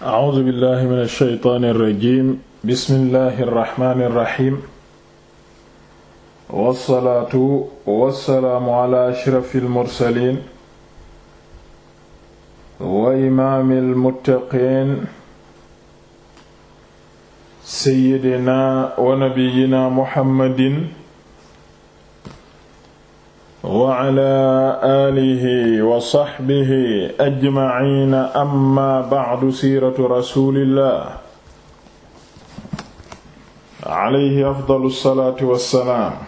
A'uuzu billahi mina shaytaani rajiim bismillahi rahmaani rahiim. wasalaatu wasalaamu ala ashrafil mursaliin. wa imaamil muttaqiin. sayyidinaa wa nabiyyinaa muhammadin. wala alihi wa saxbihi ajmaciina amma bacdu siiratu rasulillah alayhi afdalu salaatu wassalaam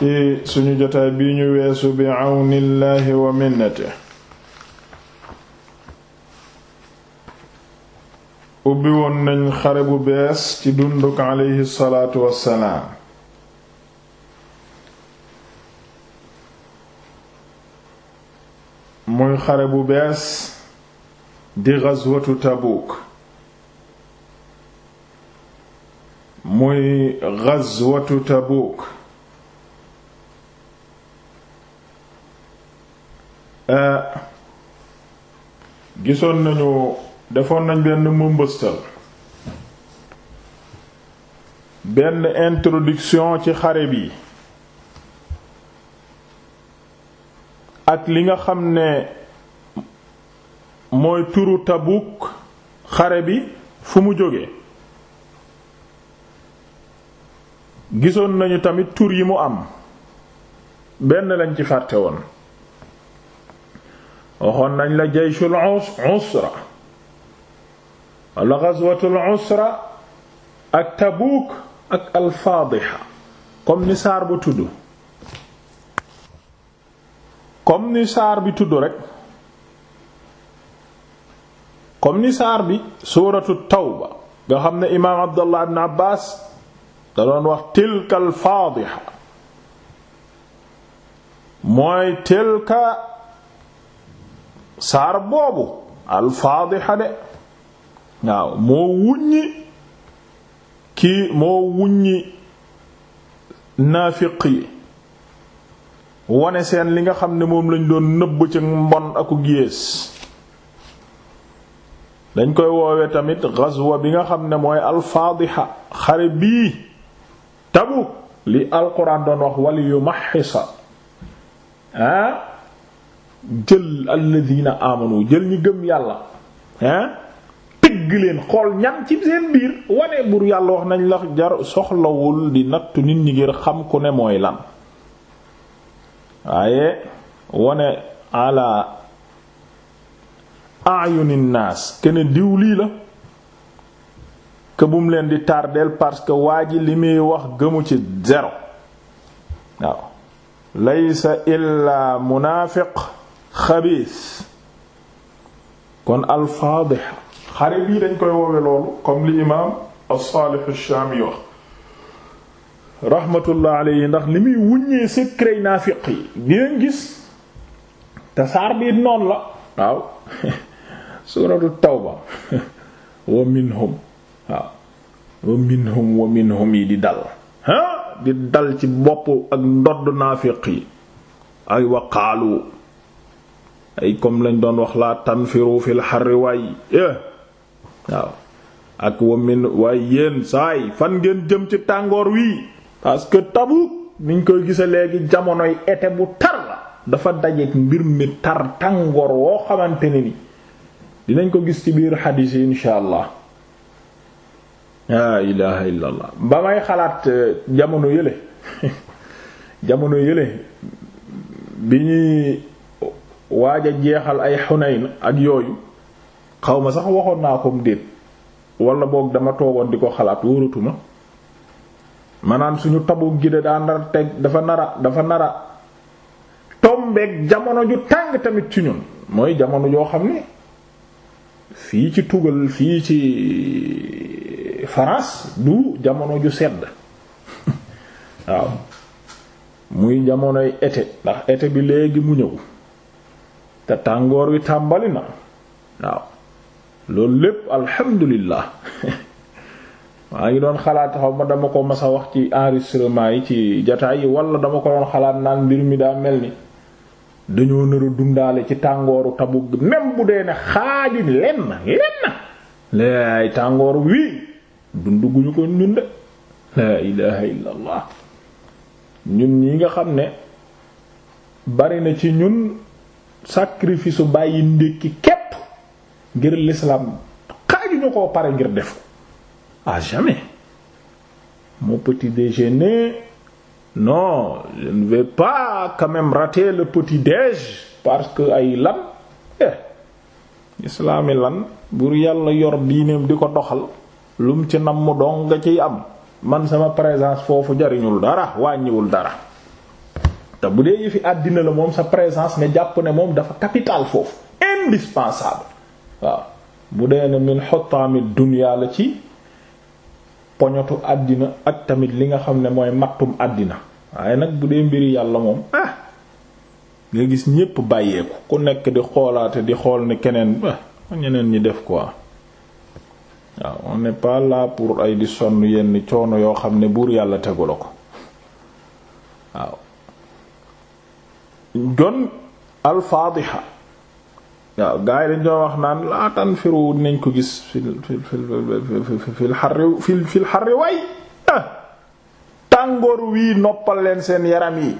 ci suñu jotaay bii ñu weesu bi cawni llahi wa minnate ubbi woon nañ xare bu bees ci dunduk alayhi salaatu wassalaam muy xare bu bees di ghazwatu Tabuk muy ghazwatu Tabuk eh, gisoon nañu defoon nañ benn mëmbëstal benn introduction ci xare bi ak li nga xam ne mooy turu Tabuk xare bi fu mu jógee gisoon nañu tamit tur yi mu am benn lañ ci fàtte woon waxoon nañ la jayshul usra wala ghazwatul usra ak Tabuk ak al-Fadiha ni saar bu tudd comme ni saar bi tudd rek comme ni saar bi suuratu tawba nga xam ne imaam abdallah ibn abbas da doon wax tilka al faadiha mooy tilka saar boobu al faadiha de waaw moo wuññi kii moo wuññi naafiq wane seen li nga xam ne moom lañ doon nëbb ci mbon aku gées dañ koy woowe tamit ghazwa bi nga xam ne mooy alfaadiha xare bii tabu li alquran doon wax wali yu maxisa ah jël alladina amanu jël ñi gëm yàlla ah tëgg leen xool ñan ci seen biir wane bur yàlla wax nañ la jar soxlawul di nattu nit ñi ngir xam ku ne mooy lan waaye wane ala ayuni naas kene diw lii la que bum leen di tardeel parce que waa ji li muy wax gëmu ci zéro waaw laysa illa munaafiq xabiis kon alfaadix xare bii dañ koy woowe loolu comme li imaam as shaami wax rahmatullah alayhi ndax li muy wuññee secret naafiq yi dinañ gis te saar biit noonu la waaw suratu tawba wa minhum wa minhum wa minhum yi di dal ha di dal ci bopp ak ndodd naafiq yi ay waqaalu ay comme lañ doon wax laa tanfiru fil xarri waay eh. waaw ak wa min waay yéen saay fan ngeen jëm ci tàngoor wii parce que Tabuk niñ koy gisa léegi jamonoy été bu tar la dafa dajeek mbir mi tar tàngoor woo xamante ne ni dinañ ko gis ci biir xadiis yi insha allah laa ilaha illa ba may xalaat euh, jamono yële jamono yële bi ñuy waaj jeexal ay Xunayn ak yooyu xaw ma sax waxoon naa ko mu déet wala boog dama toogoon di ko xalaat wóoratuma maanaam suñu tabu gi de daa nar teg dafa nara dafa nara tombeeg jamono ju tàng tamit ci ñun mooy jamono joo xam ne fii ci tugal fii ci France du jamono ju sedd waaw muy jamonoy été ndax été bi léegi mu ñëw te tàngoor wi tàmbali na waaw loolu lépp alhamdulillah waa ngi doon xalaat xaw ma dama ko mas a wax ci enregistrement yi ci jataay yi wala dama ko doon xalaat naan mbir mi daa mel ni dañoo nar a dundaale ci tàngooru tabu même bu dee ne xaaju lenn lenn laay tàngoor wii dund gu ñu ko ñun de laa ilaha illa ñun ñi nga xam ne bari na ci ñun sacrifice bàyyi ndékki képp ngir l'islam xaaju ñu koo pare ngir def à ah, jamais mon petit déjeuner non je ne vais pas quand même rater le petit déj parce que ay lan eh islaami lan bur yàlla yor bii diineem di ko doxal lum ci nam mu dong nga ciy am man sama présence foofu jariñul dara wàññiwul dara te bu dee yëfi àddina la moom sa présence nga jàpp ne moom dafa capital foofu indispensable waaw bu dee ne min xottaami dunya la ci poñotu àddina ak tamit li nga xam ne mooy mattum àddina waaye nag bu dee mbiri yàlla moom ah, nga gis ñépp bàyyeeku ku nekk di xoolaate di xool ne keneen ba ah, ñeneen ñi def ko waaw on n'est pas là pour ay di sonn yenn coono yoo xam ne buur yàlla tegu la ko waaw jon alfaadiha waaw gars yi dañ doon wax naan laa tanfiru dinañ ko gis fil fil fil fil xarri fil fil xarri way ah, tàngoor wii noppal leen seen yaram yi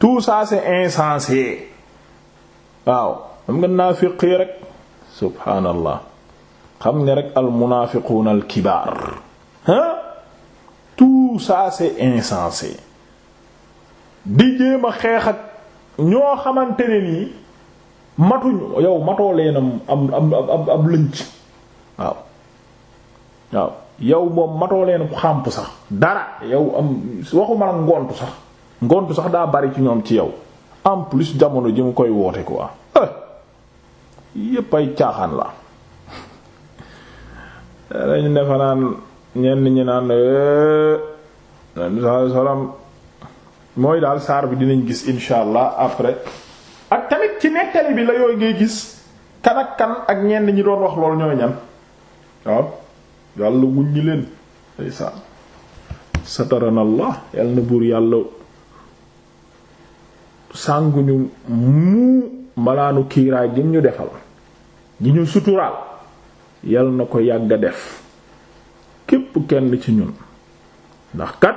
tout ça c'est insensé waaw xam nga naafiq yi rek subhaanallah xam nga rek al munaafiquun al kibaar hein tout ça c'est insensé di jéem a xeex ak ñoo xamante ne nii matuñu yow matoo leen am am am lënc waaw waaw yow moom matoo leen xàmp sax dara yow am waxuma la ngontu sax ngontu sax daa bari ci ñoom ci yow en plus jamono ji mu koy woote quoi eh! yépp ay caaxaan la dañu defa naan ñenn ñi naan eh! salaam mooy daal saar bi dinañ gis insha allah après ci nettali bi la yooyu ngay gis kan ak kan ak ñenn ñi doon wax lool ñooy ñan yàlla wuñ ñi leen sataranallah yàlla buur yàlla sànguñu mu malaanu kiiraay gi ñu defal gi ñu suturaal yàlla na ko yàgg def képp kenn ci ñun ndax kat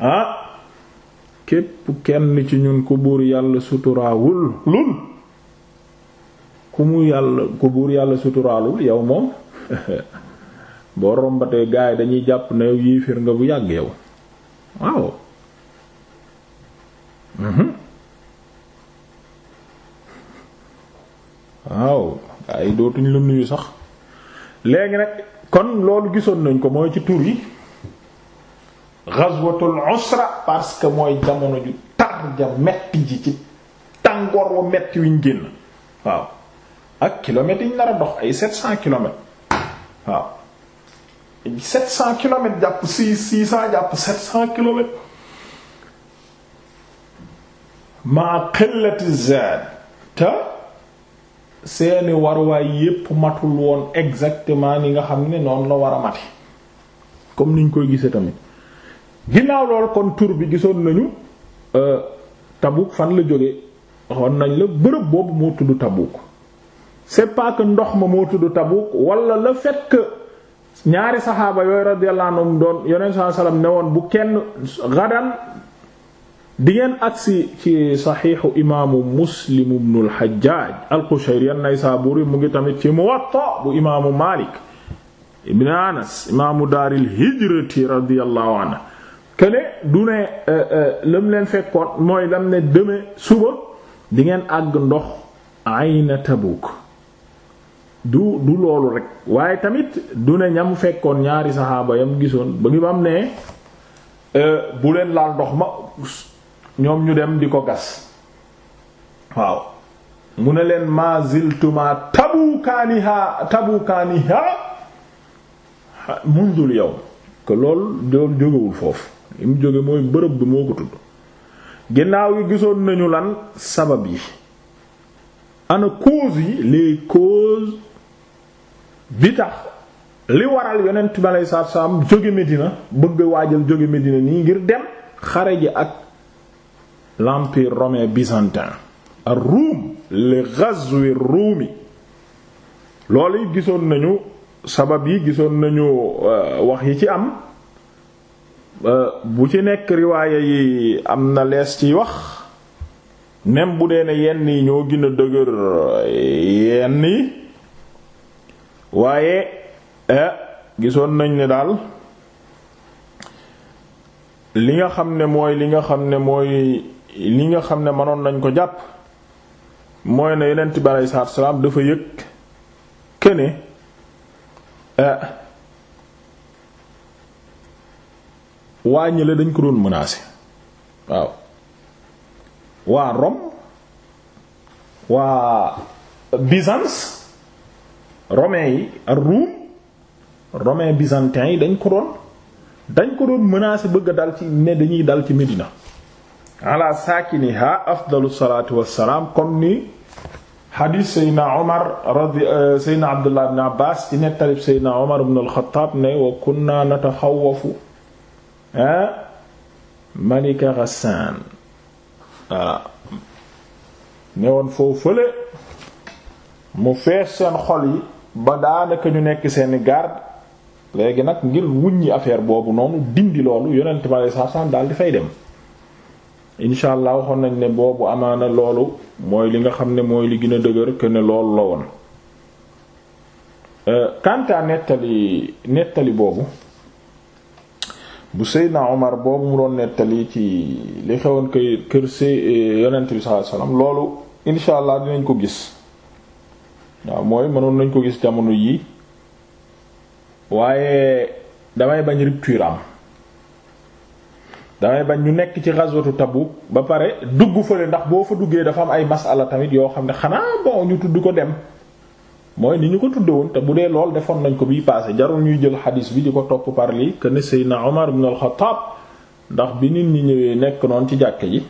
ah képp kenn ci ñun ku buur yàlla suturaawul lul ku mu yàlla ku buur yàlla suturaalul yow moom boo rombatee gaa yi dañuy jàpp na yow yéeféer nga bu yàgg yow waaw mhm. waaw gaa yi dootuñ la nuyu sax léegi nag kon loolu gisoon nañ ko mooy ci tur yi ghazwatul usra parce que mooy jamono ju tar ja metti ji ci tàngoor wu metti wiñ génn waaw ak kilomètres yi ñu nar a dox ay 700 kilomètres waaw 700 kilomètres jàpp 6 600 jàpp 700 kilomètres ma qillati seeni waruwaay yépp matul woon exactement ni nga xam ne noonu la war a mati comme niñ koy gisee tamit ginnaaw lool kon tur bi gisoon nañu euh, Tabuk fan la jóge xon nañ la bërëb boobu moo tudd Tabuk c'est pas ndox ma mu tudd Tabuk walla la fait ñaari saxaaba yooyu radiyallahu anhum doon yonent saa ne woon bu kenn gadan di ngeen agsi ci saxiixu imaamu Muslim ibnul Hajjaaj al-Qushayri an mu ngi tamit ci Muwatta bu imaamu Maalik ibn Anas imaamu daaril hijrati radiyallahu anhu que du ne euh, euh, lam leen fekkoon mooy lam ne dëme suba di ngeen àgg ndox ayna Tabuk du du loolu rek waaye tamit du ne ñam fekkoon ñaari saxaaba yam gisoon ba ngi bam ne euh, bu leen laal ndox ma ñoom ñu dem di ko gas waaw mu ne leen ma ziltuma tabukaaniha tabukaaniha yow que loolu loolu jógewul foofu li mu jóge mooy bërëb bi moo ko tudd ginnaaw yi gisoon nañu lan sabab yi ana cause yi les causes bi tax li waral yonent bi aleyhi salaatu salaam Medina bëgg waajal jóge Medina nii ngir dem xare ji ak l'empire romain byzantin ar-Rum li ghazwi ar-Rumi loolu yi gisoon nañu sabab yi gisoon nañu euh, wax yi ci am Euh, bu ci nekk riwaaya yi am na lees ci wax même bu dee ne yenn yi ñoo gën a dëgër yenn yi waaye eh, gisoon nañ ne daal li nga xam ne mooy li nga xam ne mooy li nga xam ne mënoon nañ ko jàpp mooy ne yonent bi aleyhi salaatu dafa yëg këne waa ñële dañ ko doon menacé waaw waa Rome waa Byzance romain yi ak Ruum romain byzantin yi dañ ko doon dañ ko doon menacé bëgg a ci ne dañuy dal ci Médina ala saakiniha afdalu salaatu wassalaam comme ni xadiis seydna omar radi seydna abdullah ibn abbas ci nettalib seydna omar ibn al-Khattab ne wa kunna nataxawafu ah malika Ghassan voilà newoon foofu fële mu fees seen xol yi ba daanaka ñu nekk seeni garde léegi nag ngir wuññi affaire boobu noonu dindi loolu yonent ma lay sarsam daal di fay dem incha allah waxoon nañ ne boobu amaana loolu mooy li nga xam ne mooy li gën a dëgër que loolu la woon euh, quant nettali nettali boobu bu Seydina Omar boobu mu doon nettali ci li xewoon kay kër see eh, yonent bi sallallahu alayhi loolu insha allah dinañ ko gis waaw mooy mënoon nañ ko gis jamono yii waaye damay bañ rupture am damay bañ ñu nekk ci ghazwatu tabu ba pare dugg fële ndax boo fa duggee dafa am ay masala tamit yoo xam ne xanaa bon ñu tudd ko dem mooy ni ñu ko tudde woon te bu dee lool defoon nañ ko bii passé jarul ñuy jël xadis bi di ko topp par lii que ne Seydina Omar ibn al-Khattab ndax bi nit ñi ñëwee nekk noonu ci jàkke ji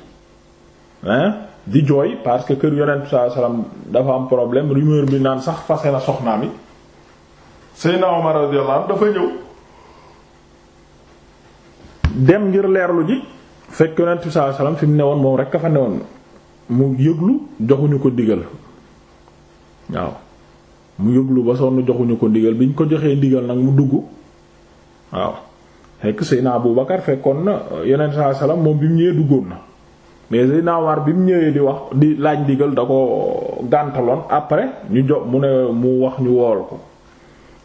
di jooy parce que kër yonent saa salaam dafa am problème rumeur bi naan sax fase na soxnaam yi Seydina Omar radiyallahu anhu dafa ñëw dem ngir leerlu ji fekk yonent saa salaam fi mu ne woon moom rek ka fa ne woon mu yëglu joxuñu ko digal waaw mu yóbbu ba sonn joxuñu ko bi ñu ko joxee ndigal nag mu dugg waaw fekk Seydina Abu Bakar fekkoon na yeneen saa salaam moom bi mu ñëwee duggoon na mais Seydina Umar bi mu ñëwee di wax di laaj ndigal da ko gàntaloon après ñu jox mu ne mu wax ñu wool ko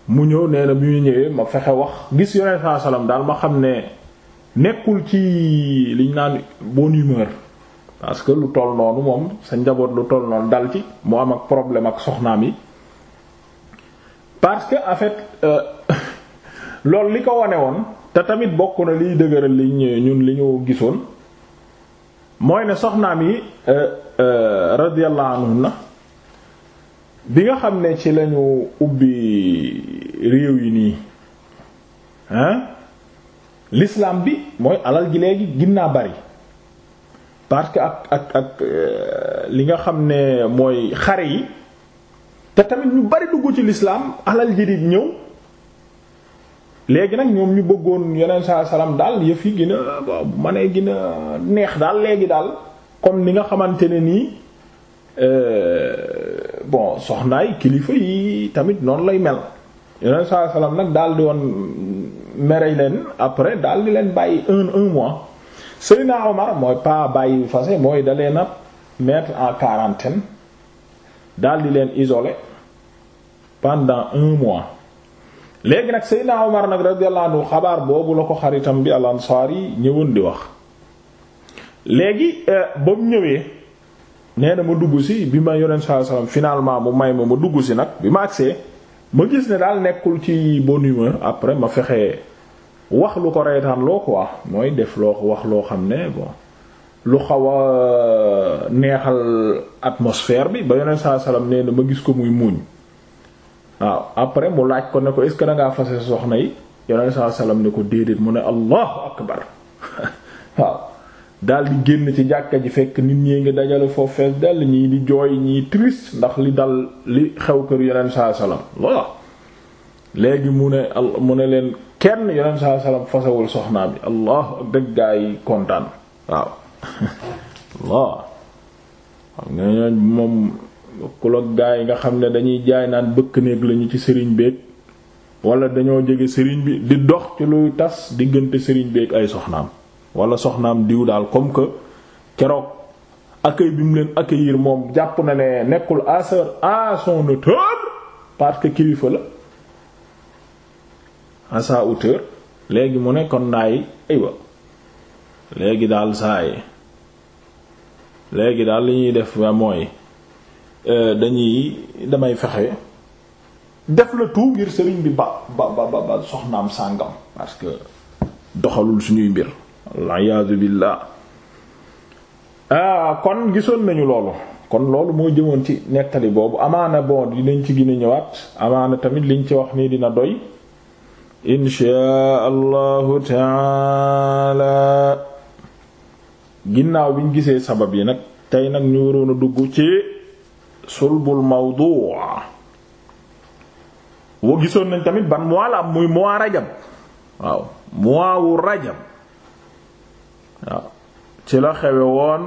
mu ñëw nee na bi ñu ñëwee ma fexe wax gis yeneen saa salaam daal ma xam ne nekkul ci liñ naan bonne humeur parce que lu toll noonu moom sa njaboot lu toll noonu dal ci mu am ak problème ak soxnaam yi. parce que en fait euh, loolu li ko wane woon te tamit bokk na liy dëgëral li ñun li ñu gisoon mooy ne soxnaam yi euh, euh, radiyallahu anhunna bi nga xam ne ci lañu ubbi réew yi nii hein l'islam bi mooy alal ji léegi ginnaa bari parce que ak ak ak li nga xam ne mooy xare yi te tamit ñu bari dugg ci lislaam alal jëriñ ñëw léegi nag ñoom ñu bëggoon yeneen saa salaam daal yëf yi gën a ma ne gën neex daal léegi daal comme ni nga xamante ne nii euh, bon soxnaay kilifa yi tamit noonu lay mel yeneen saa salaam nag daal di woon mere leen après daal di leen bàyyi un un mois Seydina Omar mooy pas bàyyi fase mooy dalee na mettre en quarantaine daal di leen isole pendant un mois léegi nag Seydina Omar nag radiyallahu anhu xabaar boobu la ko xaritam bi al ansaar yi ñëwoon di wax léegi euh, ba mu ñëwee nee na ma dugg si bi ma yonent saa salaam finalement mu may ma ma dugg si nag bi ma agsee ma gis ne daal nekkul ci bonne humeur après ma fexe wax lu ko reetaan loo ko wax mooy def loo ko wax loo xam ne bon lu xaw a euh, neexal atmosphère bi ba yonent saa salaam nee na ma gis ko muy muuñ waaw après mu laaj ko ne ko est-ce que da ngaa fase sa soxna yi yonent saa salaam ne ko déedéet mu ne allahu akbar waaw daal di génn ci jàkka ji fekk nit ñi ngi dajale foofu fees dell ñii di jooy ñii triste ndax li dal li xew kër yonent saa salaam waaw léegi mu ne mu ne leen kenn yonent saa salaam fasawul soxnaa bi allahu ak dëgg gaa yi kontaan waaw waaw xam nga ñooñ moom bokkul ak gaa yi nga xam ne dañuy jaay naan bëkk néeg lañu ci sëriñ beeg wala dañoo jege sëriñ bi di dox ci luy tas diggante sëriñ beeg ay soxnaam wala soxnaam diw daal comme que keroog accueil bi mu leen accueillir moom jàpp na ne nekkul à son hauteur parce que kilifa la à sa hauteur léegi mu ne kon naay aywa léegi daal saa yi léegi daal li ñuy def mooy. Euh, dañuy damay fexe def la tout ngir sëriñ bi ba ba ba ba soxnaam sàngam parce que doxalul suñuy mbir aliyasu billah ah kon gisoon nañu loolu kon loolu moo jëmoon ci nettali boobu amaana bon dinañ ci gën a ñëwaat amaana tamit liñ ci wax nii dina doy inchaa allahu taala ginnaaw biñ gisee sabab yi nag tey nag ñu waroon a dugg ci sulbul mawdu' woo gisoon nañ tamit ban mois la am muy mois rajab waaw mois wu rajab waaw ci la xewe woon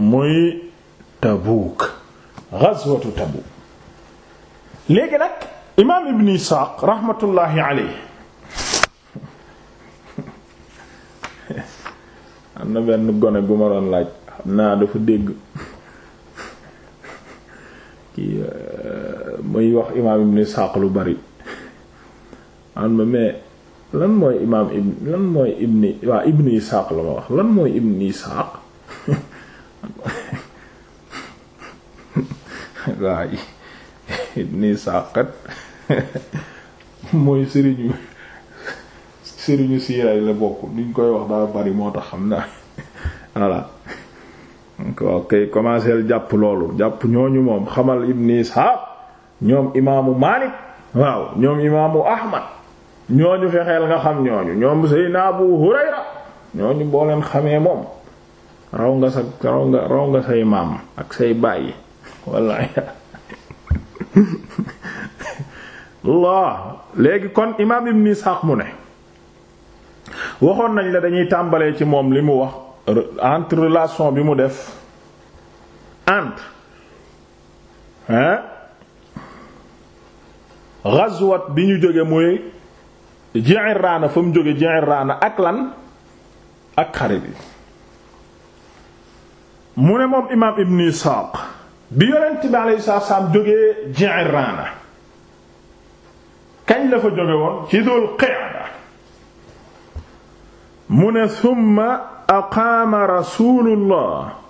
muy tabuuk ghazwatu tabuuk léegi nag imaam ibn isaaq raxmatullaahi alayhi am na benn gone gu ma laaj xam naa dafa dégg kii euh, muy wax imaam ibn Isxaaq lu bari an ma mais lan mooy imaam ibn lan mooy ibni waa ibn Isxaaq la ma wax lan mooy ibn Isxaaq waa ibn Isxaaq kat mooy sëriñu sëriñu siiraay la bokk niñ koy wax daa bari moo tax xam naa voilà waaw kay commencé jàpp loolu jàpp ñooñu moom xamal Ibn Ishaq ñoom imaamu Malik waaw ñoom imaamu Ahmad ñooñu fexeel nga xam ñooñu ñoom Seydina Abu Hurayra ñooñu boo leen xamee moom raw nga sa raw nga raw nga say maam ak say bàyyi wallahi Allah léegi kon imaam Ibn Ishaq mu ne waxoon nañ la dañuy tàmbalee ci moom li mu wax entre relation bi mu def entre hein ghazwat bi ñu jóge mooy Ji'irraana fa mu jóge Ji'irraana ak lan ak xare bi mu ne moom imaam Ibn Isaaq bi yonent bi alayhi salaatu salaam jógee Ji'irraana kañ la fa jóge woon ci Dul Qa'da mu ne summa aqaama rasuulullah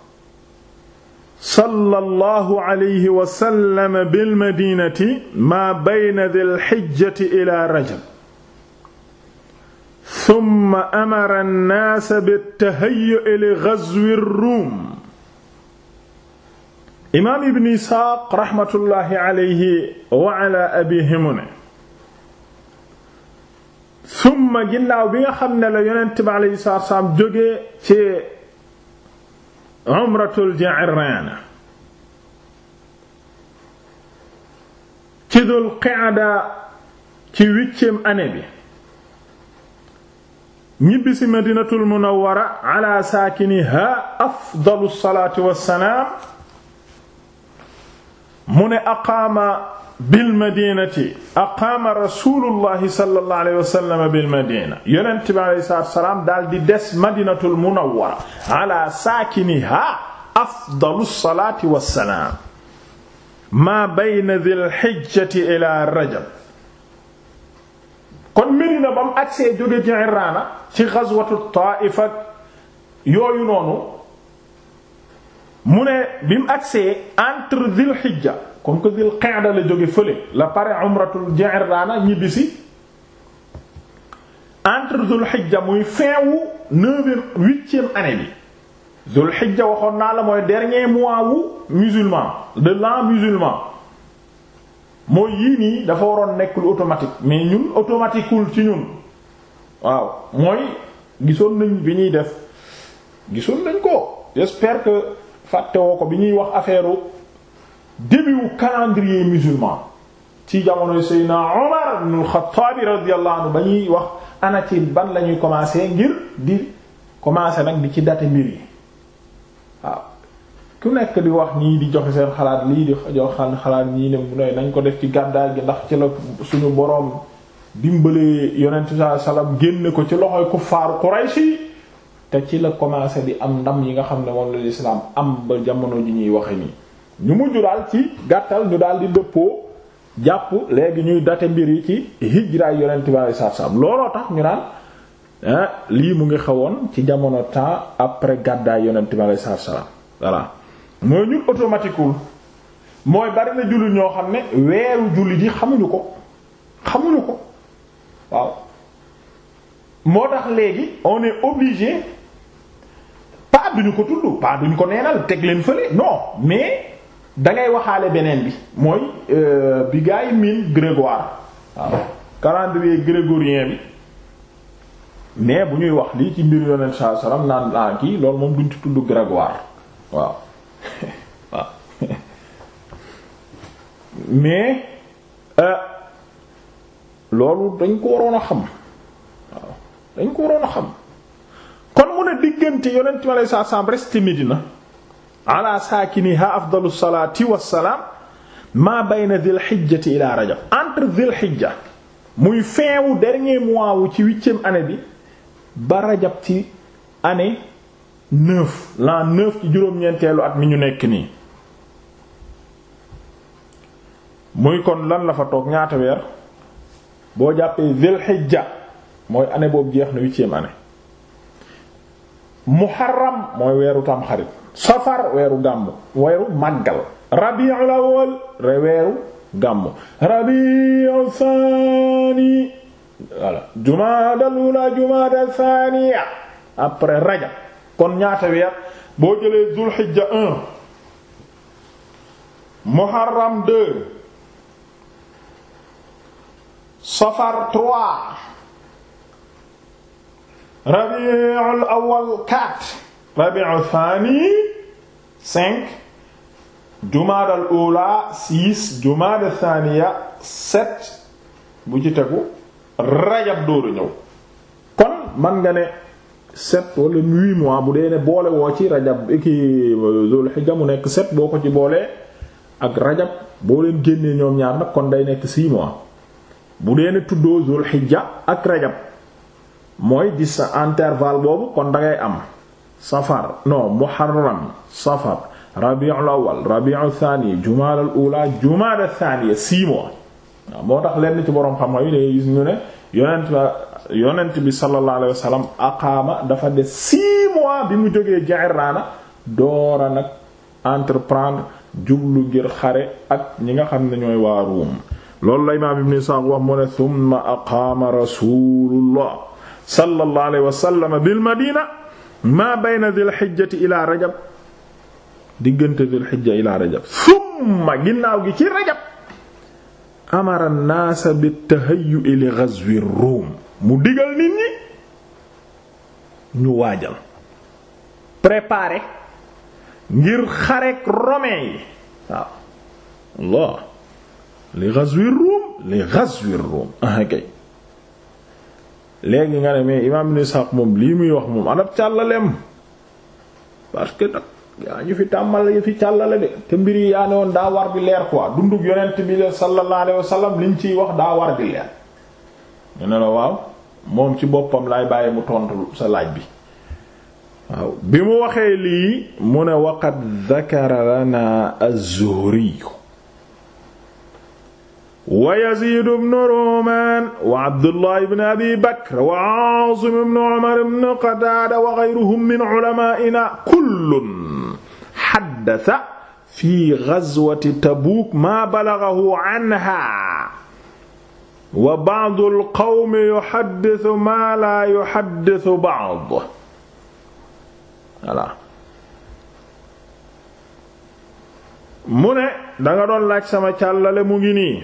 sallallahu alayhi wa sallam bil madinati maa bayna dhil hijjati ila rajab thumma amara an-naasa bit-tahayyu' li ghazwi ar-ruum imaam ibn Isxaaq raxmatullaahi alayhi wa ala abiihi mu ne thumma ginnaaw bi nga xam ne la yonent bi alayhi salaatu wa salaam jóge ci umratul Ja'irana ci Dul Qa'da ci huitième année bi ñibbisi Madinatul Munawwara ala saakiniha afdalu salaatu wassalaam mu ne aqaama bil madinati aqaama rasulullahi sallallahu alayhi wa sallam bil madina yonent bi alayhi salaatu wa salaam daal di des madinatul munawwara ala saakiniha afdalu salaati wa salaam maa bayna dhil hijjati ila rajab kon Medina ba mu agsee jóge ci Iraana ci ghazwatu Taa'if ak yooyu noonu mu ne bi mu agsee entre dhil hijja comme que Dul Qa'da la jóge fële la pare umratul Ji'rana ñibbisi entre Dul Hijja muy fin wu neuvième huitième bi Dul waxoon naa la mooy dernier mois wu musulman de l'an musulman mooy yii nii dafa waroon nekkul lu automatique mais ñun automatiqueul ci ñun waaw mooy gisoon nañ bi ñuy def gisoon nañ ko j'espère que fàttewoo ko bi ñuy wax affaire début calendrier musulman ci jamonoy Seydina Omar ibn al-Khattab radiyallahu anhu ba ñuy wax ana ban la ñuy commencer ngir di commencer nag di ci date mbir yi waaw ku nekk di wax ñii di joxe seen xalaat lii di jox xalaat ñii ne mu ne nañ ko def ci gàddaay gi ndax ci la suñu boroom dimbalee yonent saa salaam génne ko ci loxoy kuffaaru Quraysh te ci la commencer di am ndam yi nga xam ne moom la lislaam am ba jamono ji ñuy waxe nii ñu mujj daal ci gàttal ñu daal di dëppoo jàpp léegi ñuy date mbir yi ci hijraay yonent bi alayhi salaatu looloo tax ñu naan lii mu ngi xawoon ci jamono temps après gàddaay yonent bi alayhi salaatu salaam mooy ñun automatiquement mooy bari na jullit ñoo xam ne weeru jullit yi xamuñu ko xamuñu ko waaw moo tax léegi on est obligé pas duñu ko tudd pas duñu ko neenal teg leen fële non mais da ngay waxaale beneen bi mooy euh, bi gaa yi miin grégoire waaw calendrier grégorien bi mais bu ñuy wax lii ci mbir yonent saa salaam naan ah kii loolu moom duñ ci tudd grégoire waaw waaw mais euh, loolu dañ ko waroon a xam waaw dañ ko waroon a xam kon mu ne diggante yonent ma lay saa saam reste Medina. ala saakiniha afdalu salaati wassalaam ma bayna dhil hijjati ila rajab entre dhil hijja muy fin wu dernier wu ci huitième année bi ba rajab ci année neuf l'an neuf ci juróom-ñeenteelu at mi ñu nekk nii muy kon lan la fa toog ñaata weer boo jàppee dhil hijja mooy année boobu jeex na huitième année muharram mooy weeru tam xarit safar weeru gàmmu weeru màggal rabiul awwal re weeru gàmmu rabiul thani voilà jumaadal ula jumaadal thaniya raja kon ñaata weer boo jëlee zulhijja 1 safar 3 rabiul awwal 4 rabiu thani cinq jumaadal ula six jumaada thaniya sept bu ci tegu rajab dóoru ñëw kon man nga ne sept wala huit mois bu dee ne boole woo ci rajab ki zul hijja mu nekk sept boo ko ci boolee ak rajab boo leen génnee ñoom ñaar nag kon day nekk six mois bu dee ne tuddoo zul hijja ak rajab mooy gis sa intervalle boobu kon dangay am safar non muharram safar rabiul awal rabiul thani jumaadal ula jumaada thaniya six mois waaw moo tax lenn ci boroom xam-xam yi bi sallallahu alayhi wa sallam aqaama dafa des six bi mu jógee Ji'rana doora nag entreprendre jublu ngir xare ak ñi nga xam ne ñooy waa Ruum la imaam ibn Isaaq wax mu ne thumma aqaama rasulullah sallallahu madina maa bayna dhil hijjati ila rajab diggante dhil hijja ila rajab summa ginnaaw gi ci rajab amara naasa bi tahayyu'i li ghazwi ruum mu digal nit ñi ñu waajal préparer ngir xarek romain yi waaw Allah li ghazwi ruum li ghazwi ruum ah léegi nga ne mais imaam ibn Ishaq moom lii muy wax moom anab càllaleem parce que nag yaa ñu fi tàmbal yi fi càllale de te mbir yi yaa ne woon daa war bi leer quoi dundug yonent bi de sallallahu alayhi wasallam liñ ciy wax daa war bi leer ñu ne la waaw moom ci boppam laay bàyyi mu tontu sa laaj bi waaw bi mu waxee lii mu ne waqad zakara lana az-Zuhri wa Yaziid ibn Ruumaan wa Abdullahi ibn Abi Bakr wa Aasim ibn Umar ibn Qataada wa ghayruhum min ulamaa'inaa kullun haddasa fii ghazwati Tabuuk maa balaghahu anhaa wa ba'dul qawmi yuhaddisu maa laa yuhaddisu ba'duhu voilà mu ne danga doon laaj sama càllale mu ngi nii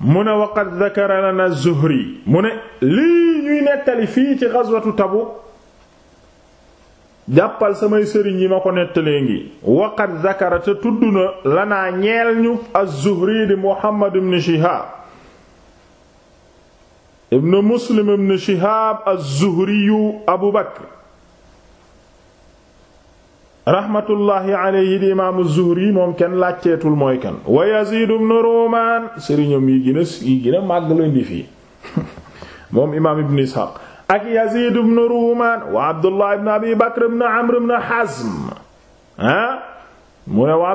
mu ne waqad zakara lana zuhri mu ne lii ñuy nettali fii ci ghazwatu tabu jàppal samay sëriñ yi ma ko nettalee ngi waqat zakara te tudd na lanaa ñeel ñu az-zuhri di muhammad ibn shihaab ibn muslim ibn shihaab az abu bakr rahmatullahi alayhi di imaamu Zuhri moom kenn laajteetul mooy kenn wa Yaziid ibn Ruumaan sëriñam yi gën a yi gën a màgg lañ di moom imaam ibn Isxaaq ak Yaziid ibn Ruumaan wa Abdullah ibn Abi Bakr ibn Amr ibn Hazm ah mu ne wa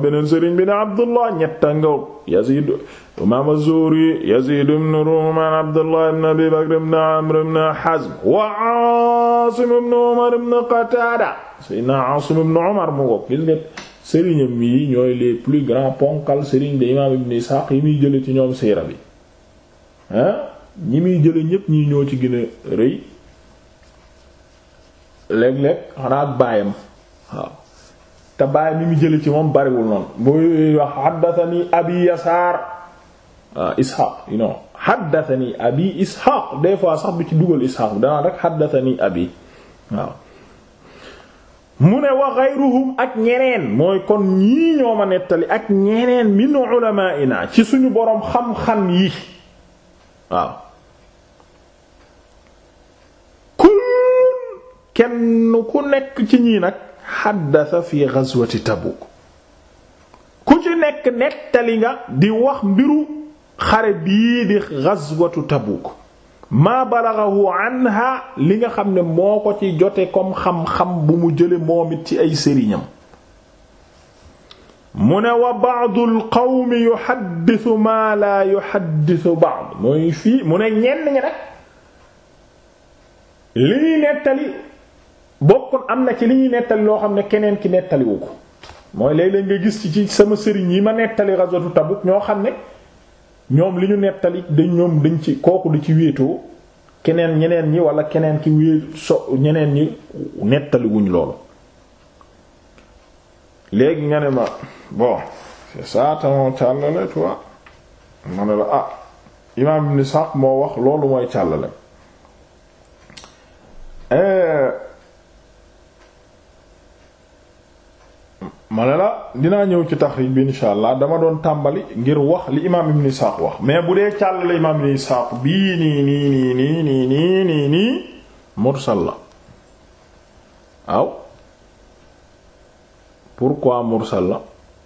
beneen sëriñ bi ne abdullah ñetta ngaw yazid imaam az-zuhri yazid ibn ruman abdullah ibn abi bakr ibn amr ibn hazm wa asim ibn umar ibn qatada sayna asim ibn umar mu ko gis nga sëriñam yi ñooy les plus grands ponkal sëriñ de imaam ibn ishaq yi muy jële ci ñoom siira bi ah ñi muy jële ñépp ñi ñoo ci gën a rëy léeg-léeg xanaa ak baayam waaw te bàyyi mi mu jëli ci moom bariwul noonu muy wax xaddatani abi yasaar ah, isxaaq you know xaddatani abi isxaaq des sax bi ci dugal isxaaq danaa rek xaddatani abi mu ne wa xayruhum ak ñeneen mooy kon ñii ñoo ma nettali ak ñeneen min ulamaa'ina ci suñu boroom xam-xam yi waaw kullun kenn ku nekk ci ñii nag xaddasa fi ghazwati Tabuk ku ci nekk nettali nga di wax mbiru xare bii di ghazwatu Tabuk maa balaghahu anha li nga xam ne moo ko ci jote comme xam-xam bu mu jële moom ci ay sëriñam mu ne wa ba'dul qawmi yuhaddisu maa laa yuhaddisu ba'd mooy fii mu ne ñenn ñi nag li ñuy nettali bokkul am na ci li ñuy nettali loo xam ne keneen ki nettaliwu ko mooy léeg-léeg nga gis ci ci sama sëriñ yi ma nettali ghazwatu Tabuk ñoo xam ne ñoom li ñu nettali dañ ñoom dañ ci kooku da ci wéetoo keneen ñeneen ñi wala keneen ki wéet so ñeneen ñi nettaliwuñ loolu léegi nga ne ma bon c'est ça tamoo càllale toi ma la ah imaam Ibn Sa'd moo wax loolu mooy càllale euh, ma ne la dinaa ñëw ci taxrij bi insha allah dama doon tàmbali ngir wax li imaam ibn Isaaq wax mais bu dee càll la imaam ibn Isaaq bii nii nii nii nii nii nii nii la waaw pourquoi mursal la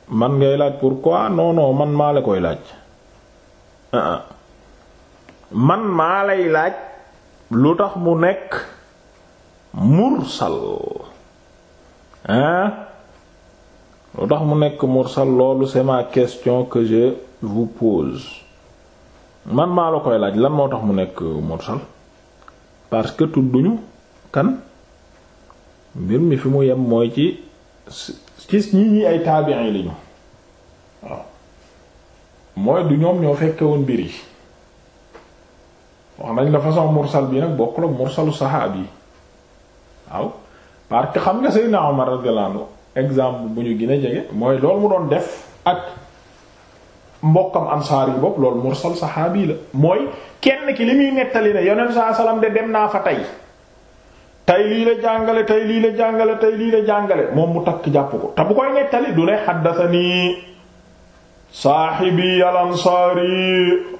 man ngay laaj pourquoi non non man maa la koy laaj man maa lay laaj lu tax mu nekk mursal ah lu tax mu nekk mursal loolu c'est ma question que je vous pose man maa la koy laaj lan moo tax mu nekk mursal parce que tudduñu kan mbir mi fi mu yem mooy ci ci ñi ñi ay taabiin yi lañu waaw mooy du ñoom ñoo fekke woon mbir yi wax nañ la façon mursal bi nag bokkul ak mursalu saxaab yi waaw parce que xam nga Seydina Omar radiyallahu anhu exemple bu ñu gën a jege mooy loolu mu doon def ak mbokkam ansaar yi bopp loolu mursal saxaabi la mooy kenn ki li muy nettali ne yonent saa salaam de dem naa fa tey tey lii la jàngale tey lii la jàngale tey lii la jàngale moom mu takk jàpp ko te bu koy nettali du ne xaddasani saaxibi al ansaari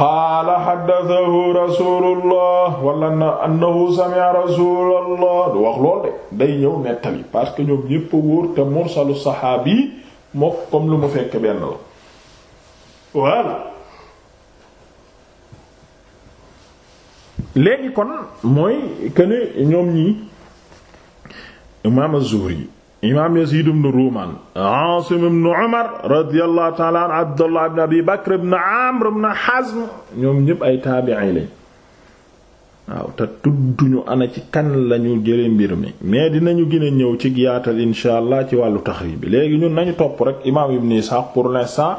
qaala xaddatahu rasulullah wala annahu sami'a rasulullah du wax lool de day ñëw nettali parce que ñoom ñépp a wóor te mursalu saxaabi mook comme lu mu fekk benn la voilà léegi kon mooy que ñoom ñi imaam zuhri imaam Yaziid ibn Ruumaan Aasim ibn Umar radiyallahu ta'ala Abdullah ibn Abi Bakr ibn Amr ibn Hazm ñoom ñépp ay taabi'i lañ waaw te ñu ana ci kan lañu jële mbir mi mais dinañu gën a ñëw ci yaatal insha ci wàllu taxriij bi léegi ñun nañu topp rek imaam Ibn Isaaq pour l'instant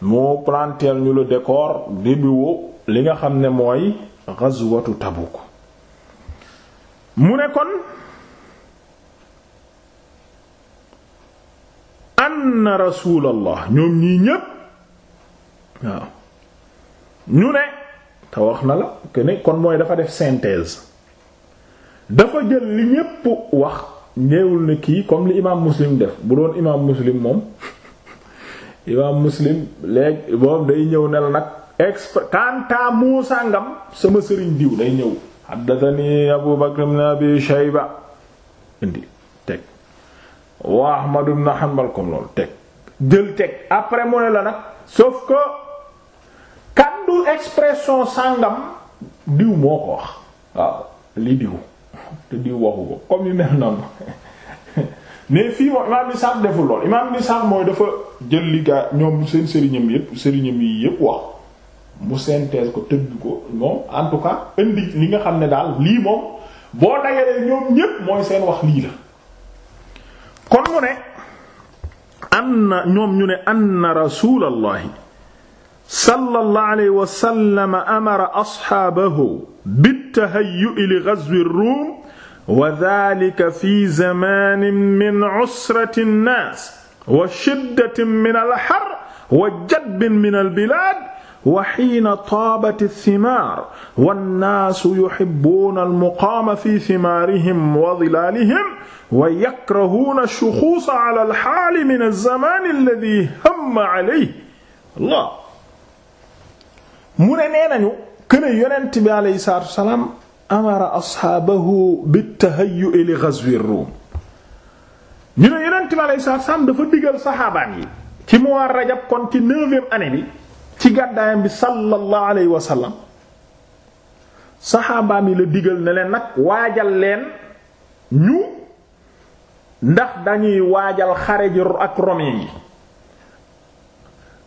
moo planter ñu le décor début li nga xam ne mooy ghazwatu Tabuk mu ne kon anna rasuulallah ñoom ñii ñépp waaw ñu ne te wax na la que ne kon mooy dafa def synthèse dafa jël li ñépp wax ñeewul ne kii comme li imaam muslim def bu doon imaam muslim moom imaam muslim léegi boobu day ñëw ne la nag exprès kanta moo sàngam sama sëriñ diw day ñëw haddathani abu bakr ibn abi shayba indi wa Ahmad ibn Hanbal comme loolu teg jël teg après mu ne la nag sauf que kaddu expression sàngam diw moo ko wax waaw li diw te diw waxu ko comme yu mel noonu mais fii moom imaam ni sax deful lool imaam ni sax mooy dafa jël li gaa ñoom seen sëriñam yépp sëriñam yi yépp wax mu synthèse ko tëgg ko moom en tout cas indi li nga xam ne daal lii moom boo dajalee ñoom ñépp mooy seen wax lii la kon mu ne anna ñoom ñu ne anna rasulallahi sallallahu alayhi wa sallam amara asxaabahu bittahayyu'i li ghazwi ar-Rum wa dhalika fi zamanin min 'usrati an-nas wa shiddatin min al-har wa jadbin min al-bilad wa xiina taabat alcimaar wannaasu yuxibuuna almuqaama fi cimaarihim wa dilaalihim wa yakrahuuna alsuxuusa ala alxaali min alzamaan alladi hamma alayhi Allah mu ne nee nañu kuene yonent bi aleyhi salaatu wasalaam amara asxaabahu bittahayyu'i li gazwi ruum ñu ne yonent bi aleyhi salaatu wasalaam dafa digal saxaabaan yi ci mois rajab kon ci neuvième année bi ci gàddaayam bi sallallahu alayhi wa sallam saxaabaam yi la digal ne leen nag waajal leen ñu ndax dañuy waajal xare ji ak romain yi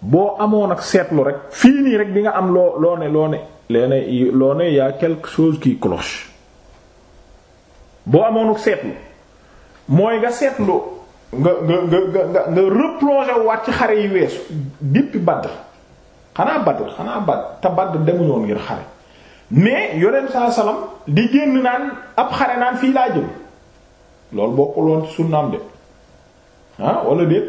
boo amoon ak seetlu rek fii nii rek di nga am loo loo ne loo ne leene loo ne y'a quelque chose qui cloche boo amoon ak seetlu mooy nga seetlu nga nga nga nga nga replongé waat ci xare yi weesu depuis Badr xanaa Badr xanaa Badr te Badr demuñu woon ngir xare mais yonent saa salaam di génn naan ab xare naan fii laa jëm loolu bokkul woon ci sunnaam de ah wala déet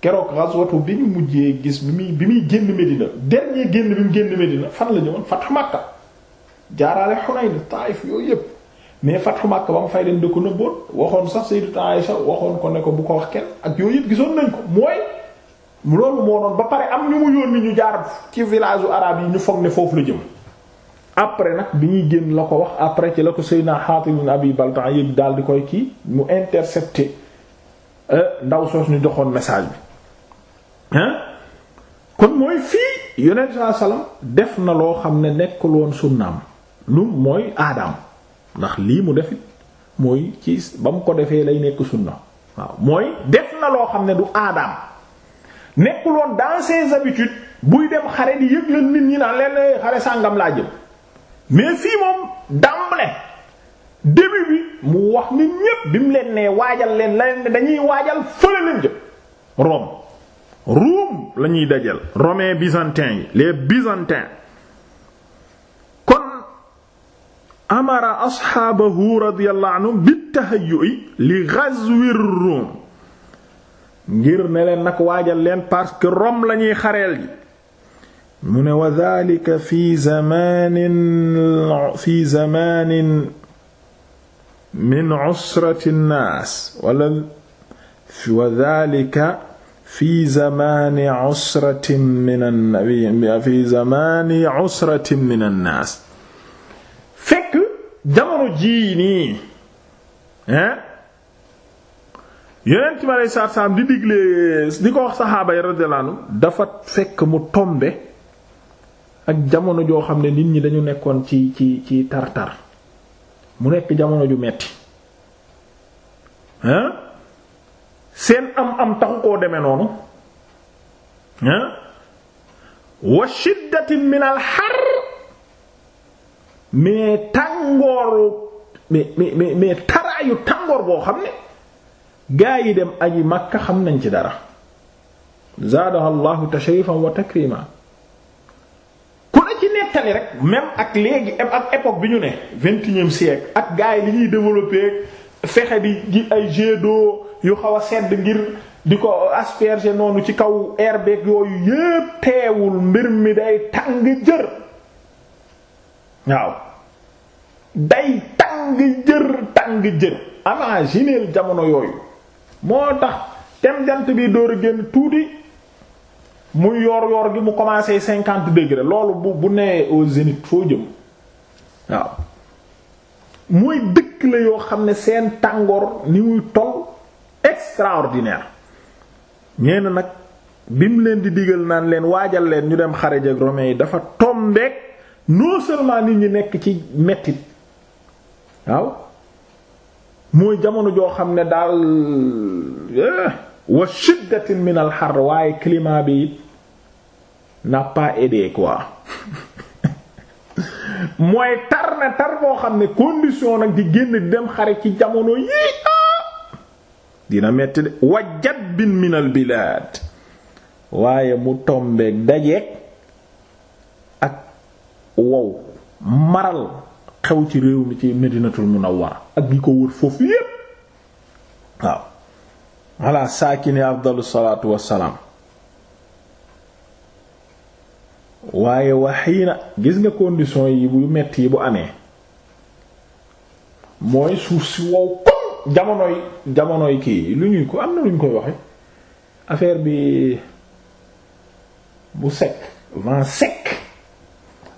keroog ghazwatu bi ñu mujjee gis bi muy bi muy génn Medina dernier génn bi mu génn Medina fan la ñëwoon Fathu Makka jaaraale Hunayn Taayif yooyu yépp mais Fathu Makka ba fay dem da ko nëbboon waxoon sax Sayyidatu Aïsha waxoon ko ne ko bu ko wax kenn ak yooyu yépp gisoon nañ ko mooy. loolu moo doon ba pare am ñu mu yónni ñu jaar ci village u yi ñu foog ne foofu la jëm après nag bi ñuy génn la ko wax après ci la ko Seydina Hatib ibn Abi Baltaa yëg daal di koy kii mu intercepté euh, ndaw soos ñu joxoon message bi kon mooy fii yonent sallallahu alayhi wasallam def na loo xam ne nekkul woon sunnaam lu mooy aadaam ndax lii mu defit mooy ci ba mu ko defee lay nekk sunna waaw mooy def na loo xam ne du aadaam nekkul woon dans ses habitudes buy dem xare di yëg leen nit ñi naan leen eh, xare sàngam laa jëm mais fii moom dàmbale début bi mu wax nit ñépp bi mu leen nee waajal leen la leen dañuy waajal fële leen jëm Rome Rome la dajal romains byzantins yi les byzantins kon amara asxaabahu radiyallahu anhum bit tahayyu li ghazwir Rome ngir ne leen nag waajal leen parce que Rome lañuy xareel ji mu ne wa dhalika fi zamanin fi zamanin min usrati nnaas wala wa dhalika fi zamani usratin min fi zamani usratin min annaas fekk jamono jii nii hein yeneen ci ma lay saat saam di digle di ko wax saxaaba yi dafa fekk mu tombe ak jamono joo xam ne nit ñi dañu nekkoon ci ci ci tar-tar mu nekk jamono ju metti hein seen am am taxu koo demee noonu hein wa shiddatin har mais tàngooru mais mais taraayu tàngoor boo xam ne gaa yi dem aji makka xam nañ ci dara zaadaha llahu tashrifan wa takrima ku ne ci nettali rek même ak léegi ak époque bi ñu ne vingt-et-unième siècle ak gaa yi li ñuy développer fexe bi ji ay jet yu xaw a sedd ngir di ko asperger noonu ci kaw air beeg yooyu yépp teewul mbir mi day tàng jër waaw day tàng jër tàng jër imagineel jamono yooyu moo tax tem jant bi door a génn tuuti muy yor yor gi mu commencé cinquante degré loolu bu bu nee au zénith foo jëm waaw mooy dëkk la yoo xam ne seen tàngoor ni muy toll extraordinaire ñeena nag bim leen di digal naan leen waajal leen ñu dem xare jeg romain yi dafa tombeek non seulement nit ñi nekk ci mettit waaw mooy jamono joo xam ne daal eh, wa shiddatin min al har waaye climat bi n'a pas aidé mooy tar na tar boo xam ne condition nag di génn di dem xare ci jamono yii ah, dina metti de wa jadbin min al bilad waaye mu tombeeg dajeeg ak wow maral xew ci réew mi ci medinatul munawwara ak gi ko wër foofu yépp waaw ala saakini afdalu salaatu wassalaam waaye waxiina gis nga condition yi bu metti yi bu amee mooy suuf si wow kon jamonoy jamonoy kii lu ñuy ko am na lu ñu koy waxe affaire bi bu sec vent sec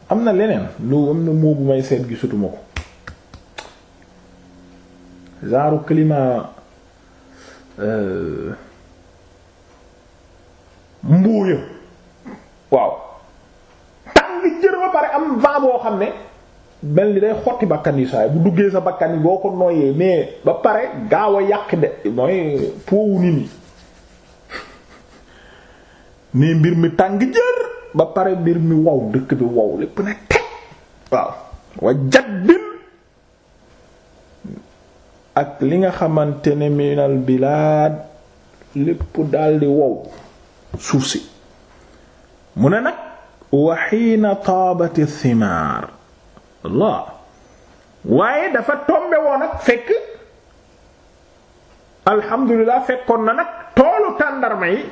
am na leneen lu am na moo bu may seet gi sutuma ko genre climat euh, mbóoya waaw tàng jër ba pare am vent boo xam ne mel ni day xotti bakkan yi bu duggee sa bakkan yi boo ko noyyee mais ba pare gaaw a yàq de mooy poowu nit ñi mais mbir mi tàng jër ba pare mbir mi wow dëkk bi wow lépp nag teg waaw wa jaddin ak li nga xamante ne minal bilaad lépp daldi wow suuf si mu ne nag waxiina taabati thimaar la fekkoon na nag toolu tàndarma yi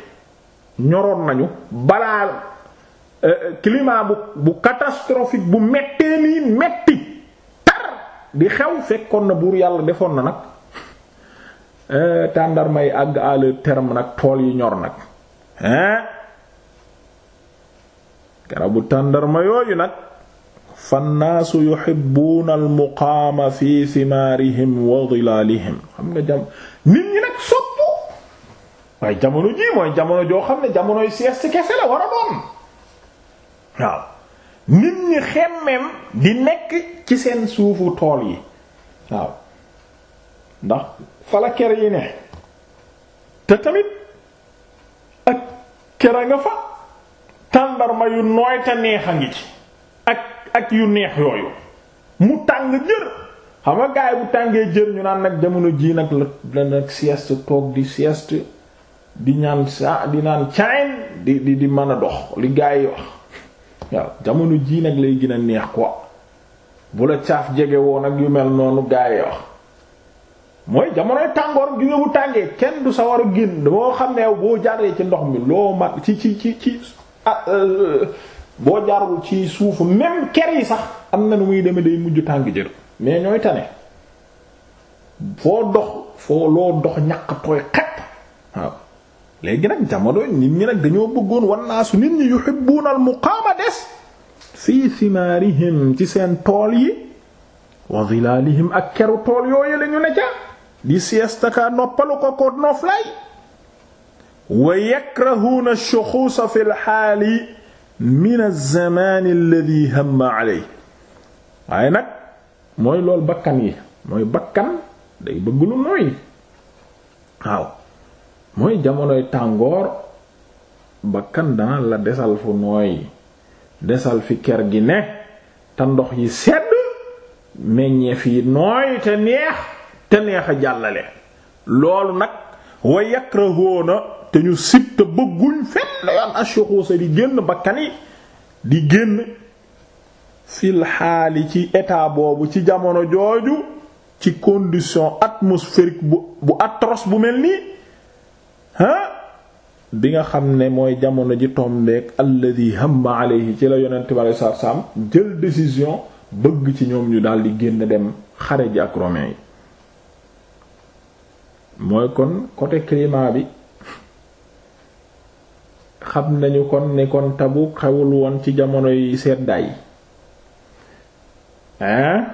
ñoroon nañu balaa Euh, climat bu bu catastrophique bu mettee nii metti tar di xew fekkoon na buur yàlla defoon na nag euh, tàndarmay àgg à leur nag tool yi ñor nag hein garabu tàndarma yooyu nag fannaasu yuhibbuuna almuqaama fi xam nga jam nit ñi nag sopp waaye jamono ji mooy jamono joo xam ne jamonoy sieste kese la war a doon waaw nit ñi xemmeem di nekk ci seen suufu tool yi waaw ndax fala ker yi ne te tamit ak ker a nga fa tàndarma yu nooy te neex a ngi ci ak ak yu neex yooyu mu tàng jër xam nga gaay bu tàngee jër ñu naan nag jamono jii nag la nag sieste toog di sieste di ñaan sa di naan caayin di di di mën a dox li gaay yi wax waaw jamono jii nag lay gën a neex quoi bu la caaf jege woon ak yu mel noonu gaay wax mooy jamonoy tàngoor gi nga bu tàngee kenn du sa war a xam ne boo jaaree ci ndox mi loo ma ci ci ci ci ah, euh, boo jaarul ci suufu même ker yi sax am na nu muy demee day mujj tàng jër mais ñooy tane foo dox foo loo dox ñaq tooy xepp léegi nag jamono nit ñi nag dañoo bëggoon wan naa su nit ñi yuhibbuuna al muqaama des fii simaarihim ci seen tool yi wa zilaalihim ak keru tool yooyu lañu ne ca di sieste ka noppalu ko ko noflaay wa yakrahuuna ash-shuxuusa fi al-xaali min az-zamaani alladhi hamma alayhi waaye nag mooy lool bakkan yi mooy bakkan day bëgg lu nooy waaw mooy jamonoy tàngoor bakkan dana la desal fu nooy desal fi ker gi ne te ndox yi sedd meññeef yi nooy te neex te neex a jàllale loolu nag wa yakrahoona te ñu sib te bëgguñ fenn yoon ashuxuusa di génn bakkan di génn fil xaali ci état boobu ci jamono jooju ci condition atmosphérique bu atros bu mel ni bi nga xam ne mooy jamono ji tombeek alladi hamma alayhi ci la yonent bi alei jël décision bëgg ci ñoom ñu daldi génn dem xare ji ak romain yi mooy kon côté climat bi xam nañu kon ni kon tabu xewul woon ci jamono yi seddaay hein